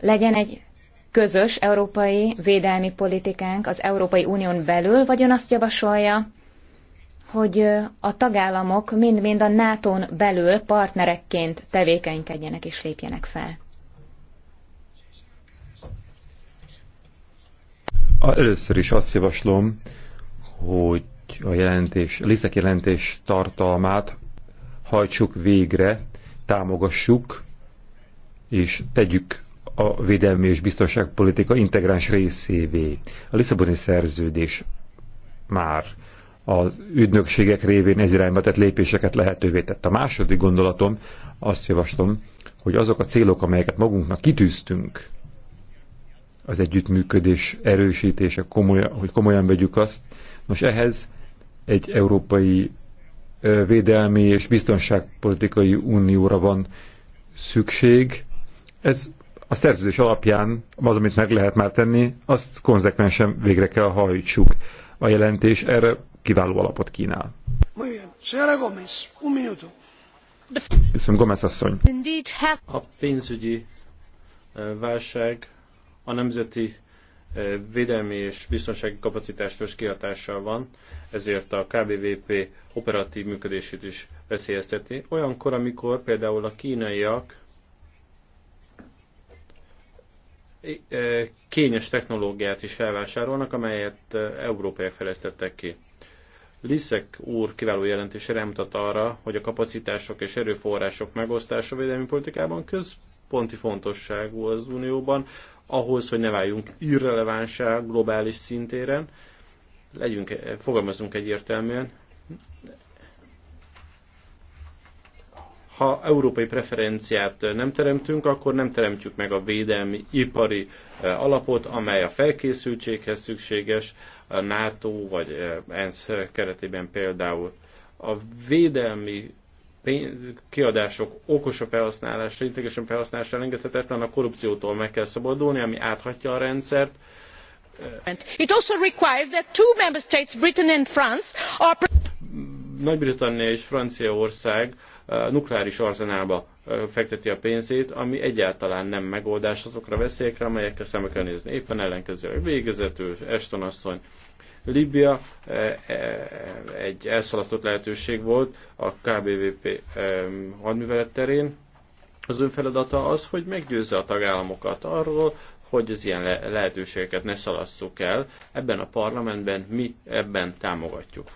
legyen egy közös európai védelmi politikánk az Európai Unión belül, vagy ön azt javasolja, hogy a tagállamok mind-mind a NATO-n belül partnerekként tevékenykedjenek és lépjenek fel? Először is azt javaslom, hogy a jelentés, a Liszek jelentés tartalmát hajtsuk végre, támogassuk és tegyük a védelmi és biztonságpolitika integráns részévé. A Lisszaboni szerződés már az ügynökségek révén ez irányba tett lépéseket lehetővé tett. A második gondolatom, azt javaslom, hogy azok a célok, amelyeket magunknak kitűztünk, az együttműködés erősítése, komolyan, hogy komolyan vegyük azt, most ehhez egy európai védelmi és biztonságpolitikai unióra van szükség. Ez a szerződés alapján az, amit meg lehet már tenni, azt konzekvensen végre kell hajtsuk. A jelentés erre kiváló alapot kínál. Köszönöm, Gomez asszony. A pénzügyi válság a nemzeti védelmi és biztonsági kapacitásos kihatással van, ezért a KBVP operatív működését is veszélyezteti. Olyankor, amikor például a kínaiak kényes technológiát is felvásárolnak, amelyet európaiak fejlesztettek ki. Liszek úr kiváló jelentése rámutat arra, hogy a kapacitások és erőforrások megosztása védelmi politikában központi fontosságú az Unióban, ahhoz, hogy ne váljunk irrelevánsá globális szintéren, legyünk, fogalmazunk egyértelműen, ha európai preferenciát nem teremtünk, akkor nem teremtjük meg a védelmi ipari eh, alapot, amely a felkészültséghez szükséges, a NATO vagy eh, ENSZ keretében például. A védelmi kiadások okosabb felhasználásra, intelligesen felhasználásra elengedhetetlen, a korrupciótól meg kell szabadulni, ami áthatja a rendszert. It also requires that two member states, Britain and France, are... Nagy-Britannia és Franciaország nukleáris arzenálba fekteti a pénzét, ami egyáltalán nem megoldás azokra a veszélyekre, amelyekkel szembe kell nézni. Éppen ellenkezőleg végezetül, Eston asszony, Libya eh, eh, egy elszalasztott lehetőség volt a KBVP hadművelet terén. Az ön feladata az, hogy meggyőzze a tagállamokat arról, hogy az ilyen lehetőségeket ne szalasszuk el. Ebben a parlamentben mi ebben támogatjuk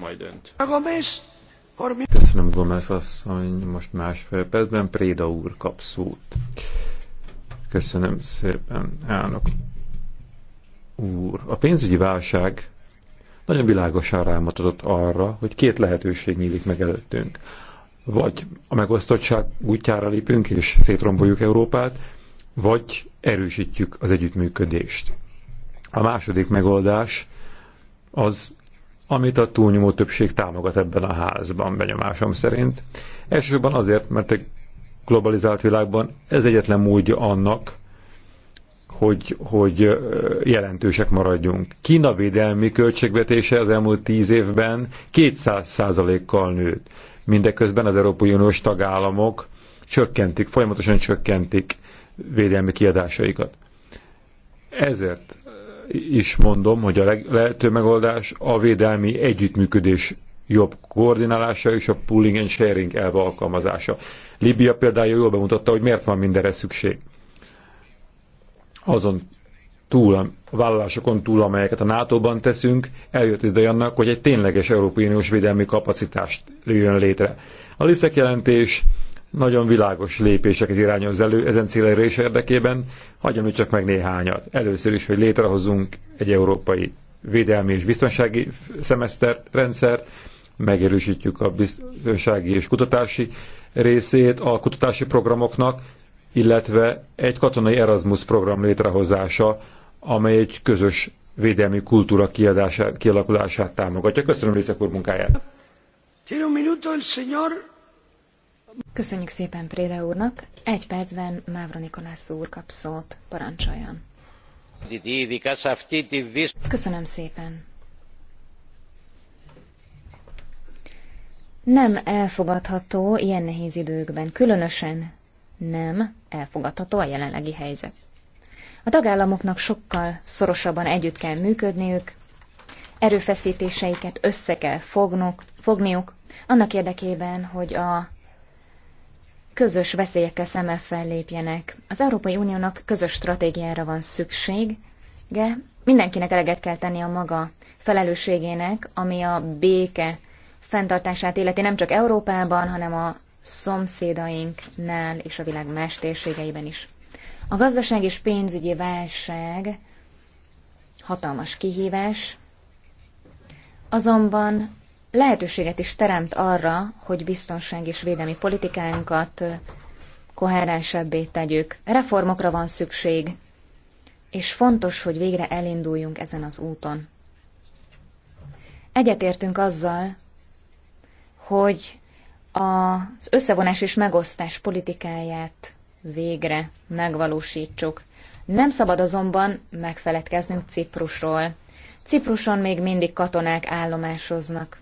majd önt. Köszönöm, Gomez asszony. Most másfél percben Préda úr kap szót. Köszönöm szépen, elnök úr. A pénzügyi válság nagyon világosan rámutatott arra, hogy két lehetőség nyílik meg előttünk. Vagy a megosztottság útjára lépünk és szétromboljuk Európát, vagy erősítjük az együttműködést. A második megoldás az, amit a túlnyomó többség támogat ebben a házban, benyomásom szerint. Elsősorban azért, mert egy globalizált világban ez egyetlen módja annak, hogy, hogy jelentősek maradjunk. Kína védelmi költségvetése az elmúlt tíz évben 200%-kal nőtt. Mindeközben az Európai Uniós tagállamok csökkentik, folyamatosan csökkentik védelmi kiadásaikat. Ezért is mondom, hogy a lehető megoldás a védelmi együttműködés jobb koordinálása és a pooling and sharing elve alkalmazása. Libia példája jól bemutatta, hogy miért van mindenre szükség azon túl, a vállalásokon túl, amelyeket a NATO-ban teszünk, eljött ide annak, hogy egy tényleges Európai Uniós védelmi kapacitást jön létre. A Liszek jelentés nagyon világos lépéseket irányoz elő ezen célérés érdekében, hagyjam csak meg néhányat. Először is, hogy létrehozunk egy európai védelmi és biztonsági szemesztert, rendszert, megerősítjük a biztonsági és kutatási részét a kutatási programoknak, illetve egy katonai Erasmus program létrehozása, amely egy közös védelmi kultúra kialakulását támogatja. Köszönöm Részek úr munkáját! Köszönjük szépen Préda úrnak. Egy percben Mávra Nikolász úr kap szót. Parancsoljon. Köszönöm szépen. Nem elfogadható ilyen nehéz időkben, különösen nem elfogadható a jelenlegi helyzet. A tagállamoknak sokkal szorosabban együtt kell működniük, erőfeszítéseiket össze kell fognuk, fogniuk, annak érdekében, hogy a közös veszélyekkel szemmel fellépjenek. Az Európai Uniónak közös stratégiára van szükség, de mindenkinek eleget kell tenni a maga felelősségének, ami a béke fenntartását illeti nem csak Európában, hanem a szomszédainknál és a világ más térségeiben is. A gazdaság és pénzügyi válság hatalmas kihívás, azonban lehetőséget is teremt arra, hogy biztonság és védelmi politikánkat koherensebbé tegyük. Reformokra van szükség, és fontos, hogy végre elinduljunk ezen az úton. Egyetértünk azzal, hogy az összevonás és megosztás politikáját végre megvalósítsuk. Nem szabad azonban megfeledkeznünk Ciprusról. Cipruson még mindig katonák állomásoznak.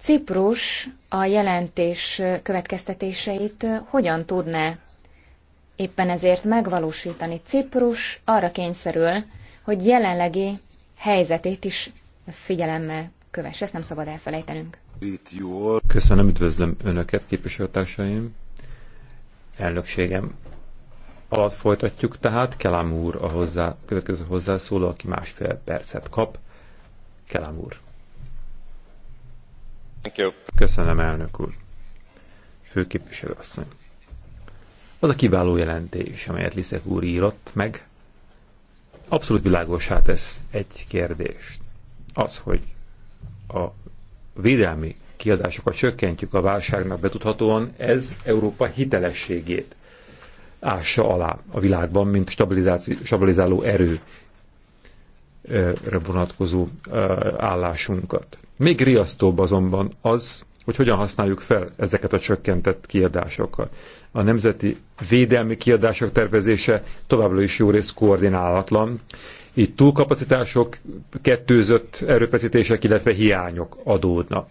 Ciprus a jelentés következtetéseit hogyan tudná éppen ezért megvalósítani? Ciprus arra kényszerül, hogy jelenlegi helyzetét is figyelemmel kövesse, ezt nem szabad elfelejtenünk. Köszönöm, üdvözlöm Önöket, képviselőtársaim. Elnökségem alatt folytatjuk tehát. Kelám úr a hozzá, következő hozzászóló, aki másfél percet kap. Kelám úr. Köszönöm, elnök úr. Főképviselő asszony. Az a kiváló jelentés, amelyet Liszek úr írott meg, abszolút világosá tesz egy kérdést. Az, hogy a védelmi kiadásokat csökkentjük a válságnak betudhatóan, ez Európa hitelességét ássa alá a világban, mint stabilizáló erő vonatkozó állásunkat. Még riasztóbb azonban az, hogy hogyan használjuk fel ezeket a csökkentett kiadásokat. A nemzeti védelmi kiadások tervezése továbbra is jó rész koordinálatlan, itt túlkapacitások, kettőzött erőfeszítések, illetve hiányok adódnak.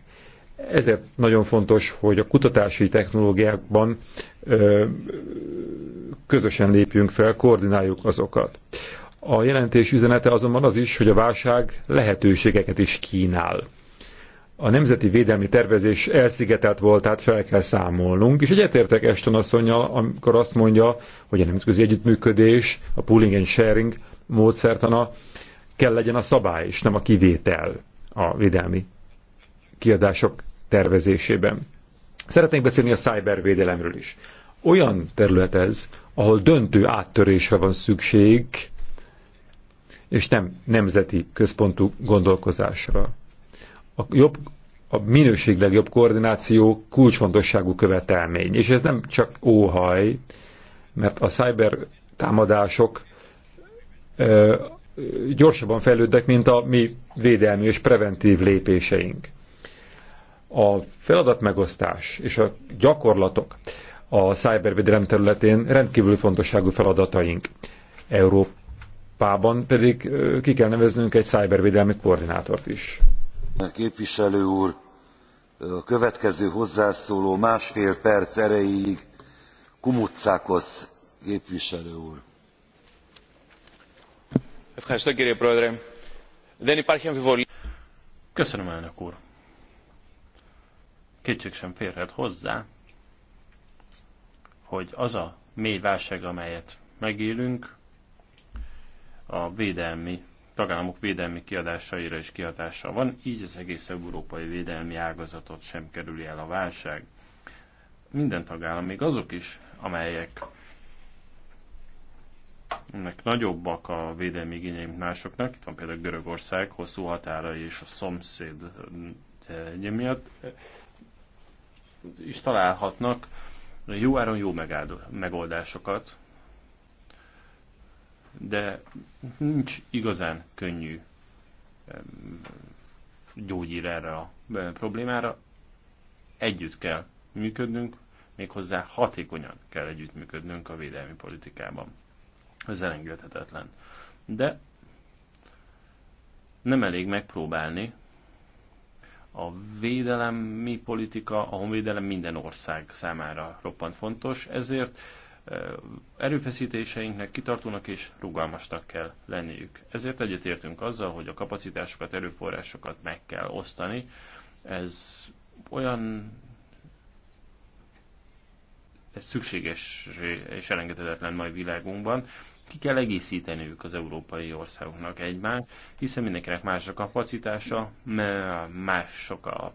Ezért nagyon fontos, hogy a kutatási technológiákban ö, közösen lépjünk fel, koordináljuk azokat. A jelentés üzenete azonban az is, hogy a válság lehetőségeket is kínál. A nemzeti védelmi tervezés elszigetelt volt, tehát fel kell számolnunk, és egyetértek Eston asszonyjal, amikor azt mondja, hogy a nemzetközi együttműködés, a pooling and sharing módszertana kell legyen a szabály, és nem a kivétel a védelmi kiadások tervezésében. Szeretnék beszélni a szájbervédelemről is. Olyan terület ez, ahol döntő áttörésre van szükség, és nem nemzeti központú gondolkozásra. A, jobb, a minőség legjobb koordináció kulcsfontosságú követelmény, és ez nem csak óhaj, mert a szájber támadások gyorsabban fejlődnek, mint a mi védelmi és preventív lépéseink. A feladatmegosztás és a gyakorlatok a szájbervédelem területén rendkívül fontosságú feladataink. Európában pedig ki kell neveznünk egy szájbervédelmi koordinátort is. Képviselő úr, a következő hozzászóló másfél perc erejéig Kumutszákosz képviselő úr. Köszönöm, elnök úr. Kétség sem férhet hozzá, hogy az a mély válság, amelyet megélünk, a védelmi, tagállamok védelmi kiadásaira is kihatása van, így az egész európai védelmi ágazatot sem kerüli el a válság. Minden tagállam, még azok is, amelyek ennek nagyobbak a védelmi igényei, mint másoknak. Itt van például Görögország hosszú határai és a szomszéd eh, miatt eh, is találhatnak jó áron jó megáldó, megoldásokat, de nincs igazán könnyű gyógyír erre a problémára. Együtt kell működnünk, méghozzá hatékonyan kell együttműködnünk a védelmi politikában. Ez elengedhetetlen. De nem elég megpróbálni. A védelemi politika, a honvédelem minden ország számára roppant fontos, ezért erőfeszítéseinknek kitartónak és rugalmasnak kell lenniük. Ezért egyetértünk azzal, hogy a kapacitásokat, erőforrásokat meg kell osztani. Ez olyan ez szükséges és elengedhetetlen mai világunkban, ki kell egészíteniük az európai országoknak egymást, hiszen mindenkinek más a kapacitása, mások a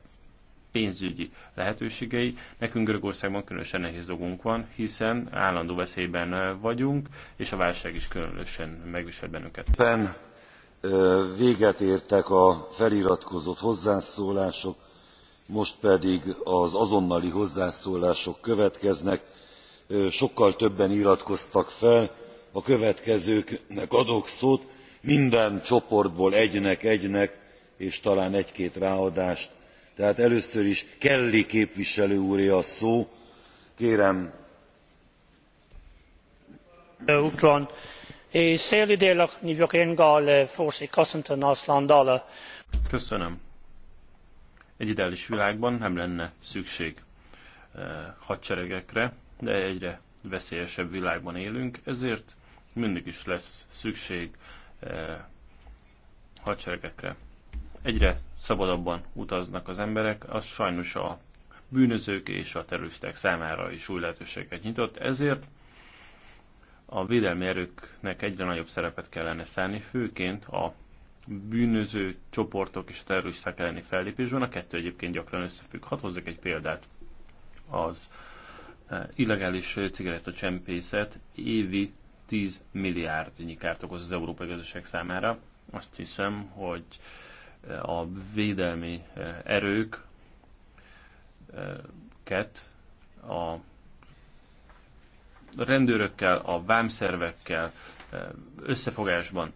pénzügyi lehetőségei. Nekünk Görögországban különösen nehéz dolgunk van, hiszen állandó veszélyben vagyunk, és a válság is különösen megvisel bennünket. Ben, véget értek a feliratkozott hozzászólások, most pedig az azonnali hozzászólások következnek. Sokkal többen iratkoztak fel, a következőknek adok szót minden csoportból egynek egynek és talán egy két ráadást tehát először is kelly képviselő úré a szó kérem eh, Köszönöm. Egy ideális világban nem lenne szükség eh, hadseregekre, de egyre veszélyesebb világban élünk, ezért mindig is lesz szükség eh, hadseregekre. Egyre szabadabban utaznak az emberek, az sajnos a bűnözők és a terroristák számára is új lehetőséget nyitott, ezért a védelmi erőknek egyre nagyobb szerepet kellene szállni, főként a bűnöző csoportok és a terroristák elleni fellépésben, a kettő egyébként gyakran összefügg. Hadd hozzak egy példát. Az eh, illegális cigarettacsempészet évi 10 milliárd kárt okoz az európai gazdaság számára. Azt hiszem, hogy eh, a védelmi eh, erők eh, ket a rendőrökkel, a vámszervekkel összefogásban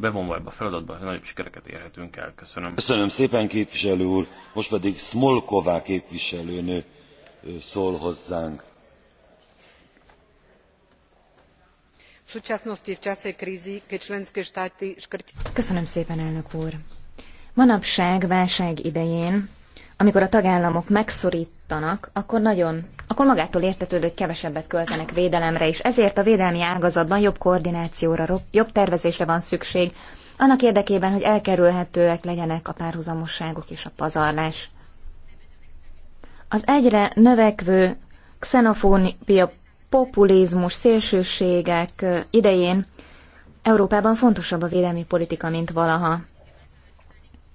bevonva ebbe a feladatba, nagyobb sikereket érhetünk el. Köszönöm. Köszönöm szépen, képviselő úr. Most pedig Smolková képviselőnő szól hozzánk. súčasnosti v čase krízy, keď členské štáty Köszönöm szépen, elnök úr. Manapság válság idején, amikor a tagállamok megszorítanak, akkor nagyon, akkor magától értetődő, hogy kevesebbet költenek védelemre, és ezért a védelmi ágazatban jobb koordinációra, jobb tervezésre van szükség, annak érdekében, hogy elkerülhetőek legyenek a párhuzamosságok és a pazarlás. Az egyre növekvő xenofóbia populizmus, szélsőségek idején Európában fontosabb a védelmi politika, mint valaha.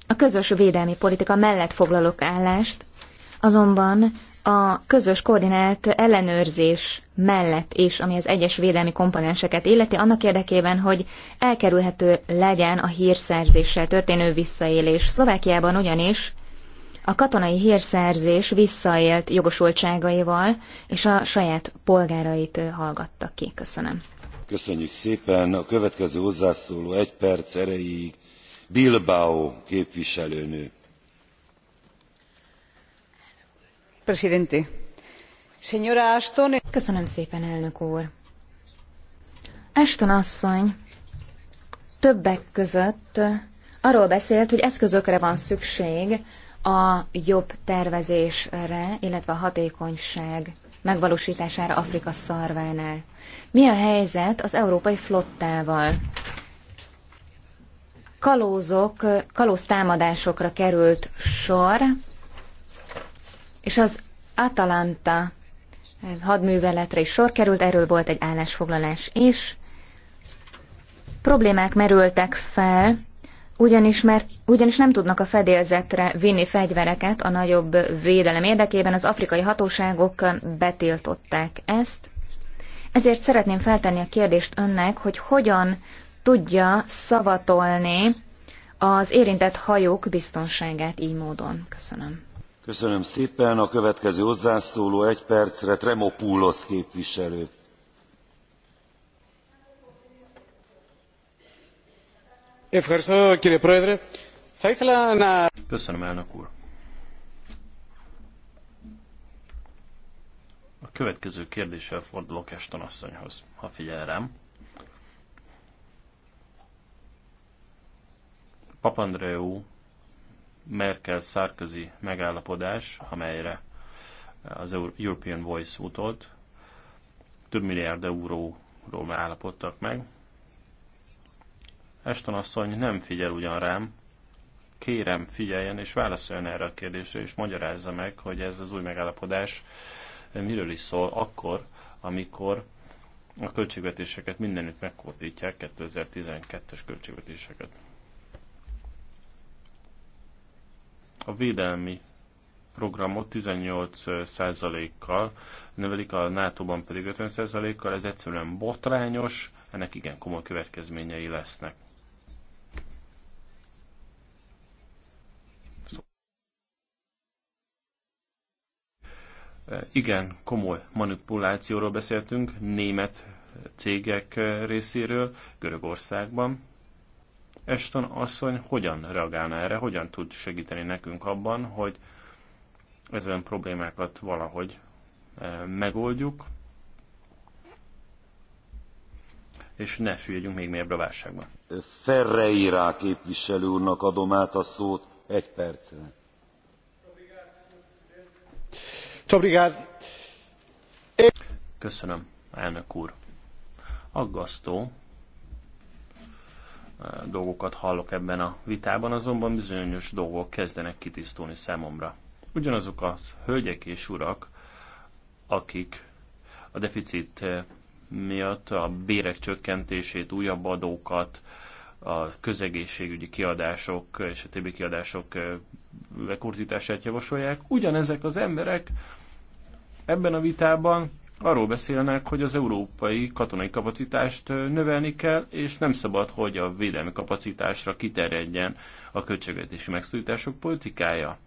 A közös védelmi politika mellett foglalok állást, azonban a közös koordinált ellenőrzés mellett is, ami az egyes védelmi komponenseket illeti, annak érdekében, hogy elkerülhető legyen a hírszerzéssel történő visszaélés. Szlovákiában ugyanis a katonai hírszerzés visszaélt jogosultságaival, és a saját polgárait hallgatta ki. Köszönöm. Köszönjük szépen. A következő hozzászóló egy perc erejéig Bilbao képviselőnő. Presidente. Señora Ashton. Köszönöm szépen, elnök úr. Ashton asszony többek között arról beszélt, hogy eszközökre van szükség, a jobb tervezésre, illetve a hatékonyság megvalósítására Afrika szarvánál. Mi a helyzet az európai flottával? Kalózok, kalóztámadásokra került sor, és az Atalanta hadműveletre is sor került, erről volt egy állásfoglalás is. Problémák merültek fel ugyanis, mert, ugyanis nem tudnak a fedélzetre vinni fegyvereket a nagyobb védelem érdekében, az afrikai hatóságok betiltották ezt. Ezért szeretném feltenni a kérdést önnek, hogy hogyan tudja szavatolni az érintett hajók biztonságát így módon. Köszönöm. Köszönöm szépen. A következő hozzászóló egy percre Tremopoulos képviselő. Köszönöm, elnök úr. A következő kérdéssel fordulok Eston asszonyhoz, ha figyel rám. Papandreou Merkel-Sarkozy megállapodás, amelyre az European Voice utolt, több milliárd euróról állapodtak meg, Eston asszony nem figyel ugyan rám, kérem figyeljen és válaszoljon erre a kérdésre, és magyarázza meg, hogy ez az új megállapodás miről is szól akkor, amikor a költségvetéseket mindenütt megfordítják, 2012-es költségvetéseket. A védelmi programot 18%-kal növelik, a NATO-ban pedig 50%-kal, ez egyszerűen botrányos, ennek igen komoly következményei lesznek. igen komoly manipulációról beszéltünk német cégek részéről Görögországban. Eston asszony hogyan reagálna erre, hogyan tud segíteni nekünk abban, hogy ezen problémákat valahogy eh, megoldjuk, és ne süllyedjünk még mélyebbre a válságban. Ferreira képviselő úrnak adom át a szót egy percre. Köszönöm, elnök úr. Aggasztó eh, dolgokat hallok ebben a vitában, azonban bizonyos dolgok kezdenek kitisztulni számomra. Ugyanazok a hölgyek és urak, akik a deficit eh, miatt a bérek csökkentését, újabb adókat, a közegészségügyi kiadások és a többi kiadások eh, lekurzítását javasolják. Ugyanezek az emberek Ebben a vitában arról beszélnek, hogy az európai katonai kapacitást növelni kell, és nem szabad, hogy a védelmi kapacitásra kiterjedjen a költségvetési megszorítások politikája.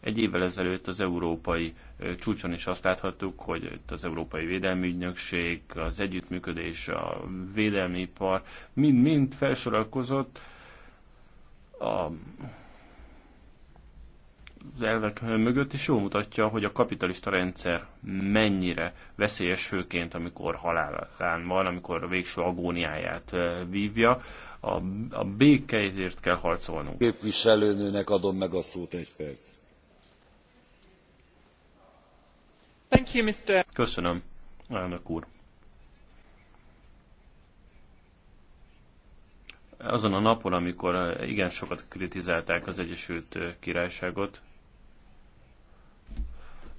Egy évvel ezelőtt az európai csúcson is azt láthattuk, hogy az Európai Védelmi Ügynökség, az együttműködés, a védelmi ipar mind-mind felsorakozott a az elvek mögött is jól mutatja, hogy a kapitalista rendszer mennyire veszélyes főként, amikor halálán van, amikor a végső agóniáját eh, vívja. A, a békeért kell harcolnunk. Képviselőnőnek adom meg a szót egy perc. Thank you, Mr. Köszönöm, elnök úr. azon a napon, amikor igen sokat kritizálták az Egyesült Királyságot,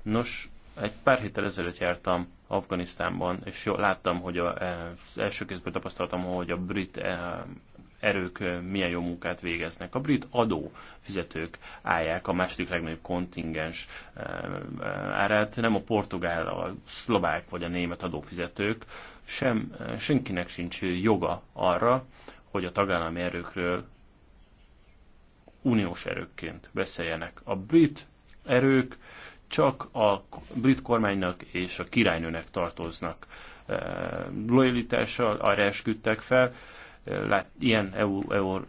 Nos, egy pár héttel ezelőtt jártam Afganisztánban, és láttam, hogy a, eh, az első kézből tapasztaltam, hogy a brit eh, erők eh, milyen jó munkát végeznek. A brit adó fizetők állják a második legnagyobb kontingens árát, nem a portugál, a szlovák vagy a német adófizetők, sem, senkinek sincs joga arra, hogy a tagállami erőkről uniós erőkként beszéljenek. A brit erők csak a brit kormánynak és a királynőnek tartoznak. E, lojalitással arra esküdtek fel, e, lát, ilyen EU, EU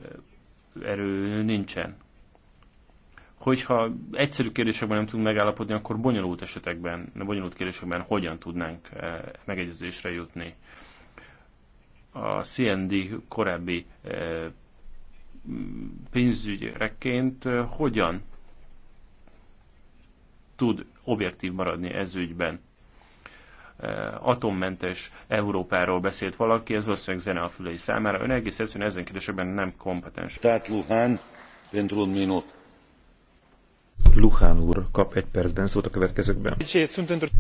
erő nincsen. Hogyha egyszerű kérdésekben nem tudunk megállapodni, akkor bonyolult esetekben, bonyolult kérdésekben hogyan tudnánk e, megegyezésre jutni. A CND korábbi pénzügyereként hogyan tud objektív maradni ez ügyben. Atommentes Európáról beszélt valaki, ez valószínűleg zene a fülei számára. Ön egész egyszerűen ezen kérdésekben nem kompetens. Tehát Luhán, pentru un minut. Luhán úr kap egy percben szót a következőkben.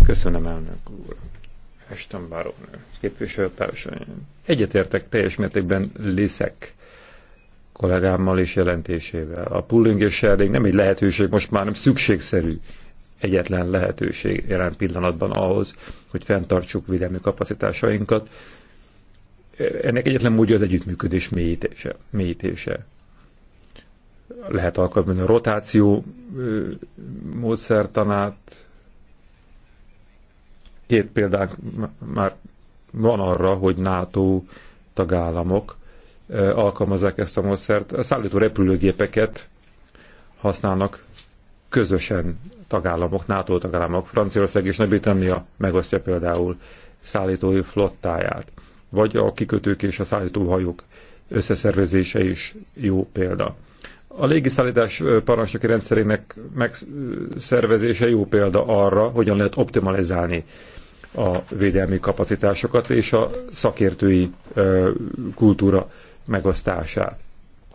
Köszönöm, elnök úr. Estem Báronő, képviselőtársaim. Egyetértek teljes mértékben Liszek kollégámmal és jelentésével. A pulling és sharing nem egy lehetőség, most már nem szükségszerű egyetlen lehetőség jelen pillanatban ahhoz, hogy fenntartsuk védelmi kapacitásainkat. Ennek egyetlen módja az együttműködés mélyítése. mélyítése. Lehet alkalmazni a rotáció módszertanát. Két példánk már van arra, hogy NATO tagállamok alkalmazzák ezt a módszert. A szállító repülőgépeket használnak közösen tagállamok, NATO tagállamok, Franciaország és Nagy-Britannia megosztja például szállítói flottáját, vagy a kikötők és a szállítóhajók összeszervezése is jó példa. A légiszállítás parancsnoki rendszerének megszervezése jó példa arra, hogyan lehet optimalizálni a védelmi kapacitásokat és a szakértői kultúra megosztását.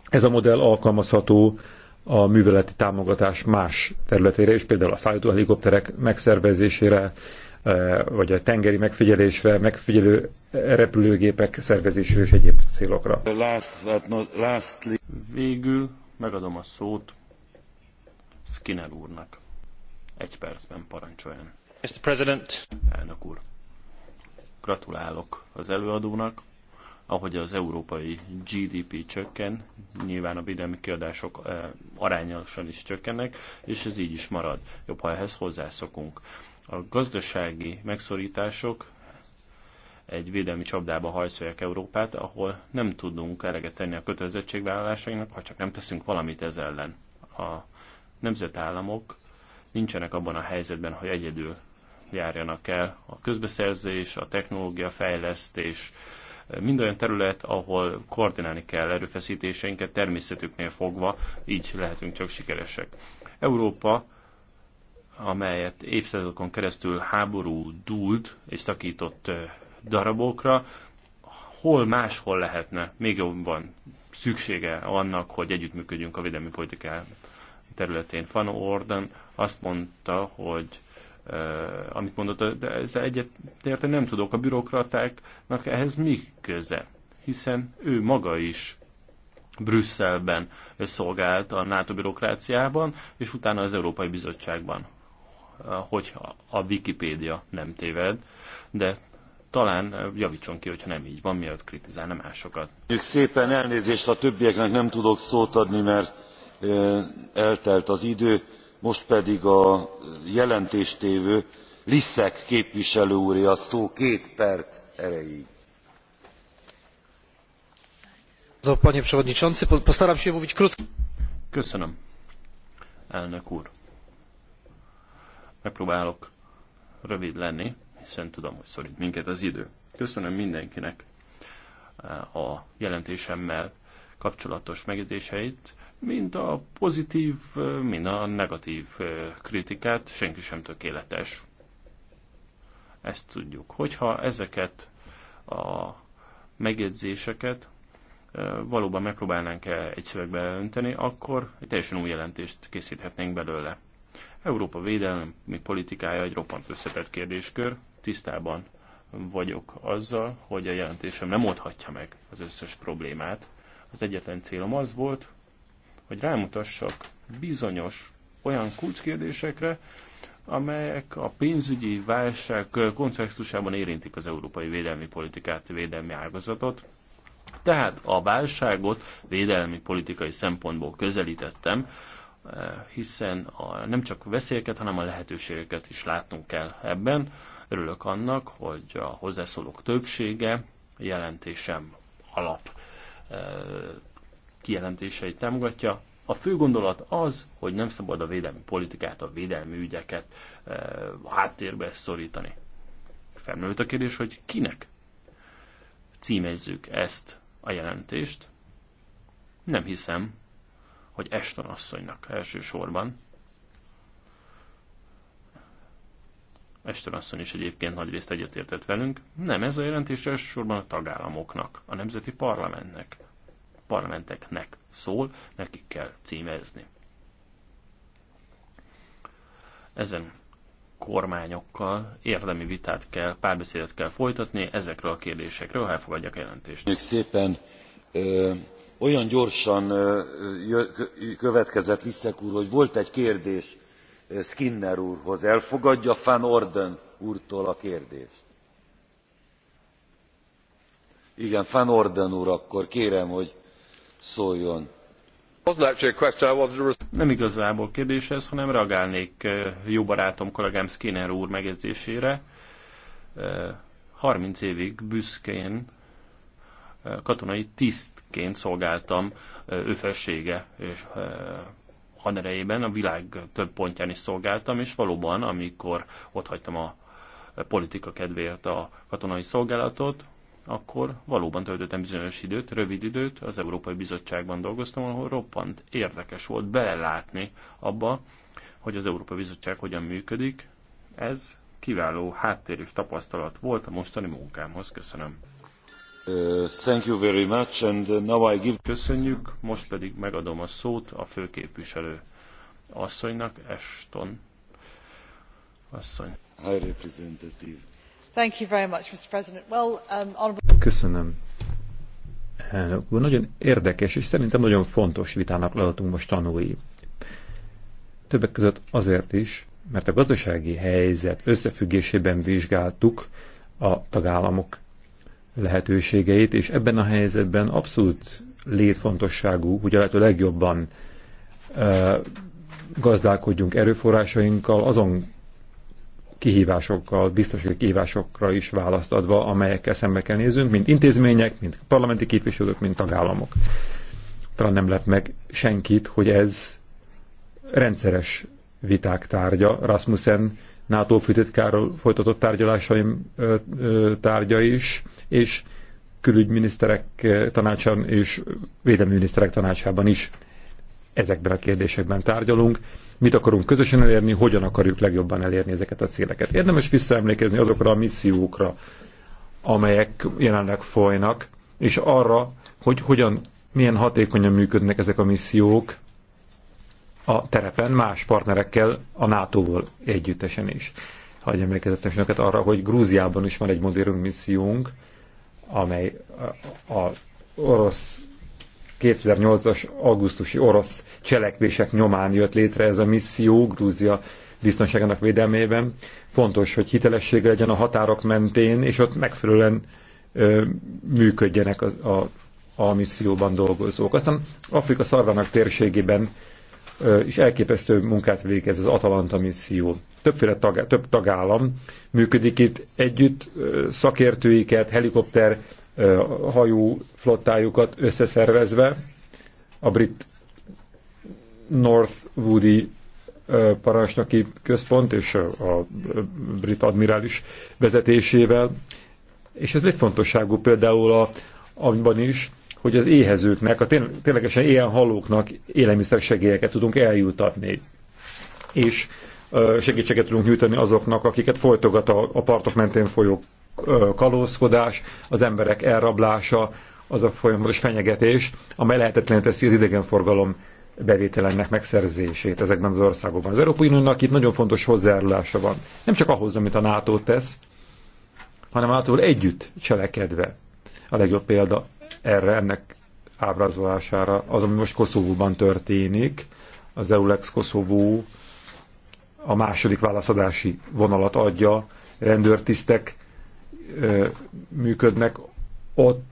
Ez a modell alkalmazható a műveleti támogatás más területére is, például a szállító helikopterek megszervezésére, e, vagy a tengeri megfigyelésre, megfigyelő repülőgépek szervezésére és egyéb célokra. Végül megadom a szót Skinner úrnak. Egy percben parancsoljon. Mr. President. Elnök úr. Gratulálok az előadónak ahogy az európai GDP csökken, nyilván a védelmi kiadások eh, arányosan is csökkennek, és ez így is marad. Jobb, ha ehhez hozzászokunk. A gazdasági megszorítások egy védelmi csapdába hajszolják Európát, ahol nem tudunk eleget tenni a kötelezettségvállalásainknak, ha csak nem teszünk valamit ez ellen. A nemzetállamok nincsenek abban a helyzetben, hogy egyedül járjanak el. A közbeszerzés, a technológia fejlesztés, mind olyan terület, ahol koordinálni kell erőfeszítéseinket természetüknél fogva, így lehetünk csak sikeresek. Európa amelyet évszázadokon keresztül háború dúlt és szakított darabokra, hol máshol lehetne, még jobban szüksége annak, hogy együttműködjünk a védelmi politikán területén. Van Orden azt mondta, hogy Eh, amit mondott, de ezzel egyetérteni nem tudok. A bürokratáknak ehhez mi köze? Hiszen ő maga is Brüsszelben szolgált a NATO bürokráciában, és utána az Európai Bizottságban, eh, hogy a Wikipédia nem téved, de talán eh, javítson ki, hogyha nem így van, miatt kritizálna másokat. Köszönjük szépen elnézést, a többieknek nem tudok szót adni, mert eltelt az idő most pedig a jelentéstévő lisek képviselő úré a szó két perc erejéig. panie przewodniczący! postaram się mówić krótko. köszönöm elnök úr megpróbálok rövid lenni hiszen tudom hogy szorít minket az idő. köszönöm mindenkinek eh, a jelentésemmel kapcsolatos megjegyzéseit mint a pozitív, mint a negatív kritikát, senki sem tökéletes. Ezt tudjuk. Hogyha ezeket a megjegyzéseket valóban megpróbálnánk -e egy szövegbe önteni, akkor egy teljesen új jelentést készíthetnénk belőle. Európa védelmi politikája egy roppant összetett kérdéskör, tisztában vagyok azzal, hogy a jelentésem nem oldhatja meg az összes problémát. Az egyetlen célom az volt, hogy rámutassak bizonyos olyan kulcskérdésekre, amelyek a pénzügyi válság kontextusában érintik az európai védelmi politikát, védelmi ágazatot. Tehát a válságot védelmi politikai szempontból közelítettem, hiszen a, nem csak veszélyeket, hanem a lehetőségeket is látnunk kell ebben. Örülök annak, hogy a hozzászólók többsége jelentésem alap kijelentéseit támogatja. A fő gondolat az, hogy nem szabad a védelmi politikát, a védelmi ügyeket eh, a háttérbe szorítani. Felmerült a kérdés, hogy kinek címezzük ezt a jelentést. Nem hiszem, hogy Eston asszonynak elsősorban. Eston asszony is egyébként nagyrészt egyetértett velünk. Nem, ez a jelentés elsősorban a tagállamoknak, a nemzeti parlamentnek parlamenteknek szól, nekik kell címezni. Ezen kormányokkal érdemi vitát kell, párbeszédet kell folytatni ezekről a kérdésekről, ha elfogadják a jelentést. Még szépen. Ö, olyan gyorsan ö, jö, következett Liszek úr, hogy volt egy kérdés Skinner úrhoz. Elfogadja Fan Orden úrtól a kérdést? Igen, Fan Orden úr, akkor kérem, hogy szóljon. Nem igazából kérdés ez, hanem reagálnék eh, jó barátom, kollégám Skinner úr megjegyzésére. 30 eh, évig büszkén eh, katonai tisztként szolgáltam ő felsége és haderejében, a világ több pontján is szolgáltam, és valóban, amikor ott hagytam a politika kedvéért a katonai szolgálatot, akkor valóban töltöttem bizonyos időt, rövid időt, az Európai Bizottságban dolgoztam, ahol roppant érdekes volt belelátni abba, hogy az Európai Bizottság hogyan működik. Ez kiváló háttér és tapasztalat volt a mostani munkámhoz. Köszönöm. Uh, thank you very much, and uh, now I give... Köszönjük, most pedig megadom a szót a főképviselő asszonynak, Eston asszony. High representative. Um, Köszönöm. Elnök úr, nagyon érdekes, és szerintem nagyon fontos vitának lehetünk most tanulni. Többek között azért is, mert a gazdasági helyzet összefüggésében vizsgáltuk a tagállamok lehetőségeit, és ebben a helyzetben abszolút létfontosságú, hogy a lehető legjobban uh, gazdálkodjunk erőforrásainkkal, azon kihívásokkal, biztosítási kihívásokra is választ adva, amelyekkel szembe kell néznünk, mint intézmények, mint parlamenti képviselők, mint tagállamok. Talán nem lep meg senkit, hogy ez rendszeres viták tárgya. Rasmussen NATO főtitkáról folytatott tárgyalásaim tárgya is, és külügyminiszterek tanácsán és védelmi miniszterek tanácsában is ezekben a kérdésekben tárgyalunk mit akarunk közösen elérni, hogyan akarjuk legjobban elérni ezeket a céleket. Érdemes visszaemlékezni azokra a missziókra, amelyek jelenleg folynak, és arra, hogy hogyan, milyen hatékonyan működnek ezek a missziók a terepen más partnerekkel, a NATO-val együttesen is. Hagyj emlékezetem önöket arra, hogy Grúziában is van egy modern missziónk, amely a, a orosz 2008-as augusztusi orosz cselekvések nyomán jött létre ez a misszió Grúzia biztonságának védelmében. Fontos, hogy hitelesség legyen a határok mentén, és ott megfelelően ö, működjenek a, a, a misszióban dolgozók. Aztán Afrika szarvának térségében ö, is elképesztő munkát végez az Atalanta misszió. Többféle tag, több tagállam működik itt együtt, ö, szakértőiket, helikopter hajó flottájukat összeszervezve a brit Northwoodi parancsnoki központ és a brit admirális vezetésével. És ez létfontosságú például a, abban is, hogy az éhezőknek, a ténylegesen ilyen halóknak élelmiszersegélyeket tudunk eljutatni. És segítséget tudunk nyújtani azoknak, akiket folytogat a, a partok mentén folyó kalózkodás, az emberek elrablása, az a folyamatos fenyegetés, amely lehetetlen teszi az idegenforgalom bevételennek megszerzését ezekben az országokban. Az Európai Uniónak itt nagyon fontos hozzájárulása van. Nem csak ahhoz, amit a NATO tesz, hanem által együtt cselekedve. A legjobb példa erre, ennek ábrázolására az, ami most Koszovóban történik, az EULEX Koszovó a második válaszadási vonalat adja, rendőrtisztek működnek ott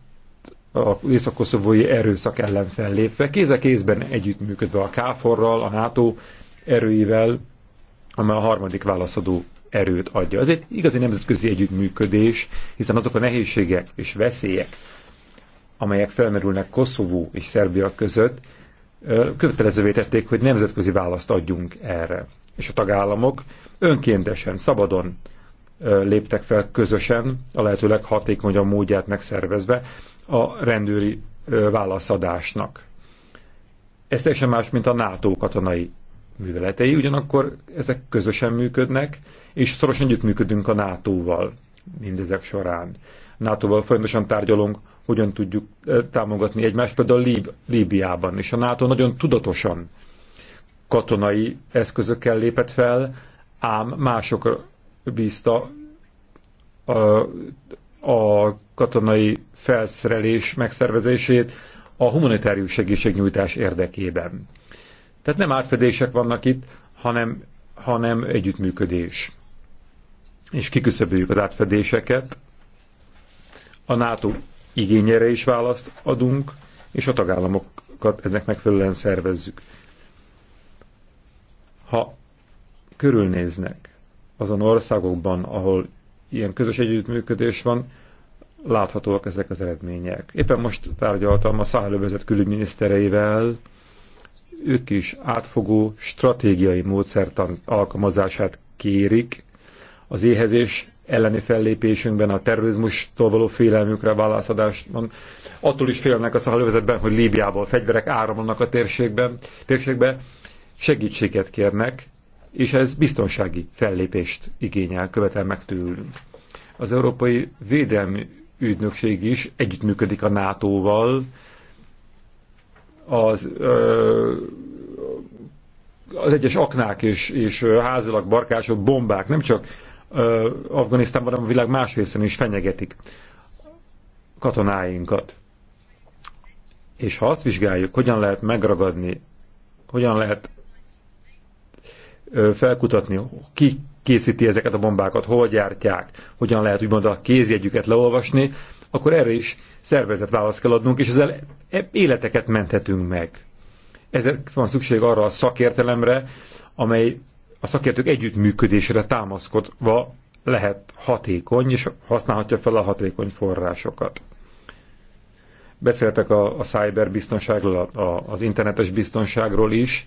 a észak-koszovói erőszak ellen fellépve, kéz a kézben együttműködve a KFOR-ral, a NATO erőivel, amely a harmadik válaszadó erőt adja. Ez egy igazi nemzetközi együttműködés, hiszen azok a nehézségek és veszélyek, amelyek felmerülnek Koszovó és Szerbia között, kötelezővé tették, hogy nemzetközi választ adjunk erre. És a tagállamok önkéntesen, szabadon léptek fel közösen, a lehető leghatékonyabb módját megszervezve a rendőri válaszadásnak. Ez teljesen más, mint a NATO katonai műveletei, ugyanakkor ezek közösen működnek, és szorosan együttműködünk a NATO-val mindezek során. NATO-val folyamatosan tárgyalunk, hogyan tudjuk támogatni egymást, például Líb Líbiában, és a NATO nagyon tudatosan katonai eszközökkel lépett fel, ám mások bízta a, a katonai felszerelés megszervezését a humanitárius segítségnyújtás érdekében. Tehát nem átfedések vannak itt, hanem, hanem együttműködés. És kiküszöböljük az átfedéseket. A NATO igényére is választ adunk, és a tagállamokat ennek megfelelően szervezzük. Ha körülnéznek, azon országokban, ahol ilyen közös együttműködés van, láthatóak ezek az eredmények. Éppen most tárgyaltam a szállövezet külügyminisztereivel, ők is átfogó stratégiai módszertan alkalmazását kérik. Az éhezés elleni fellépésünkben, a terrorizmustól való félelmükre válaszadásban. Attól is félnek a szahalövezetben, hogy Líbiából fegyverek áramlanak a térségben, térségbe. Segítséget kérnek, és ez biztonsági fellépést igényel, követel meg tőlünk. Az Európai Védelmi Ügynökség is együttműködik a NATO-val, az, az egyes aknák és, és házilag barkások, bombák nem csak Afganisztánban, hanem a világ más részén is fenyegetik katonáinkat. És ha azt vizsgáljuk, hogyan lehet megragadni, hogyan lehet felkutatni, ki készíti ezeket a bombákat, hol gyártják, hogyan lehet úgymond a kézjegyüket leolvasni, akkor erre is szervezett választ kell adnunk, és ezzel e- életeket menthetünk meg. Ezért van szükség arra a szakértelemre, amely a szakértők együttműködésére támaszkodva lehet hatékony, és használhatja fel a hatékony forrásokat. Beszéltek a, a cyberbiztonságról, a, a, az internetes biztonságról is,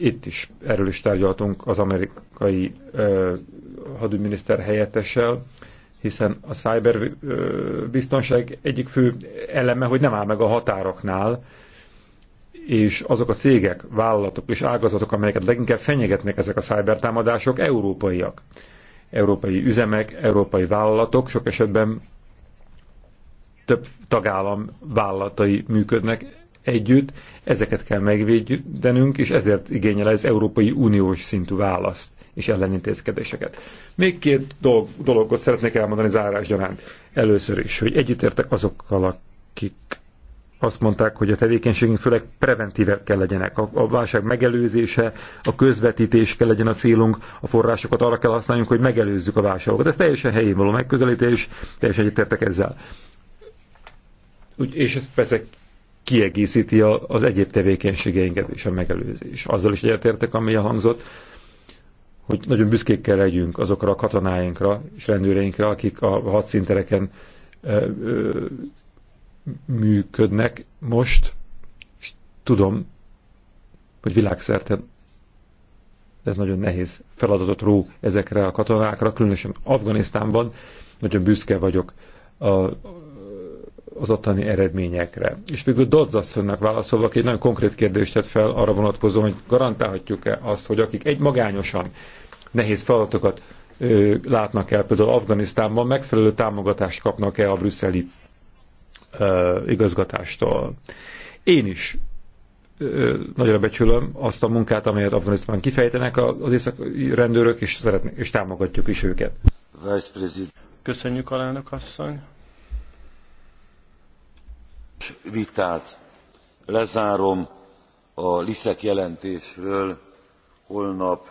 itt is erről is tárgyaltunk az amerikai uh, hadügyminiszter helyettessel, hiszen a cyber biztonság egyik fő eleme, hogy nem áll meg a határoknál, és azok a cégek, vállalatok és ágazatok, amelyeket leginkább fenyegetnek ezek a szájbertámadások, európaiak. Európai üzemek, európai vállalatok, sok esetben több tagállam vállalatai működnek együtt, ezeket kell megvédenünk, és ezért igényel az Európai Uniós szintű választ és ellenintézkedéseket. Még két dolog, dologot szeretnék elmondani zárás gyaránt. Először is, hogy együttértek azokkal, akik azt mondták, hogy a tevékenységünk főleg preventívek kell legyenek. A, a válság megelőzése, a közvetítés kell legyen a célunk, a forrásokat arra kell használjunk, hogy megelőzzük a válságokat. Ez teljesen helyén való megközelítés, teljesen egyetértek ezzel. Úgy, és ez persze kiegészíti az egyéb tevékenységeinket és a megelőzés. Azzal is egyetértek, ami hangzott, hogy nagyon büszkék kell legyünk azokra a katonáinkra és rendőreinkre, akik a hadszintereken működnek most, és tudom, hogy világszerte ez nagyon nehéz feladatot ró ezekre a katonákra, különösen Afganisztánban. Nagyon büszke vagyok a, az ottani eredményekre. És végül Dodzasszonynak válaszolva, aki egy nagyon konkrét kérdést tett fel arra vonatkozóan, hogy garantálhatjuk-e azt, hogy akik egy magányosan nehéz feladatokat ö, látnak el, például Afganisztánban megfelelő támogatást kapnak el a brüsszeli ö, igazgatástól. Én is ö, nagyra becsülöm azt a munkát, amelyet Afganisztánban kifejtenek az északi rendőrök, és, szeretnék, és támogatjuk is őket. Köszönjük, alelnök asszony! vitát lezárom a liszek jelentésről holnap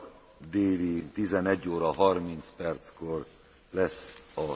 déli eleven óra thirty perckor lesz a szavazás.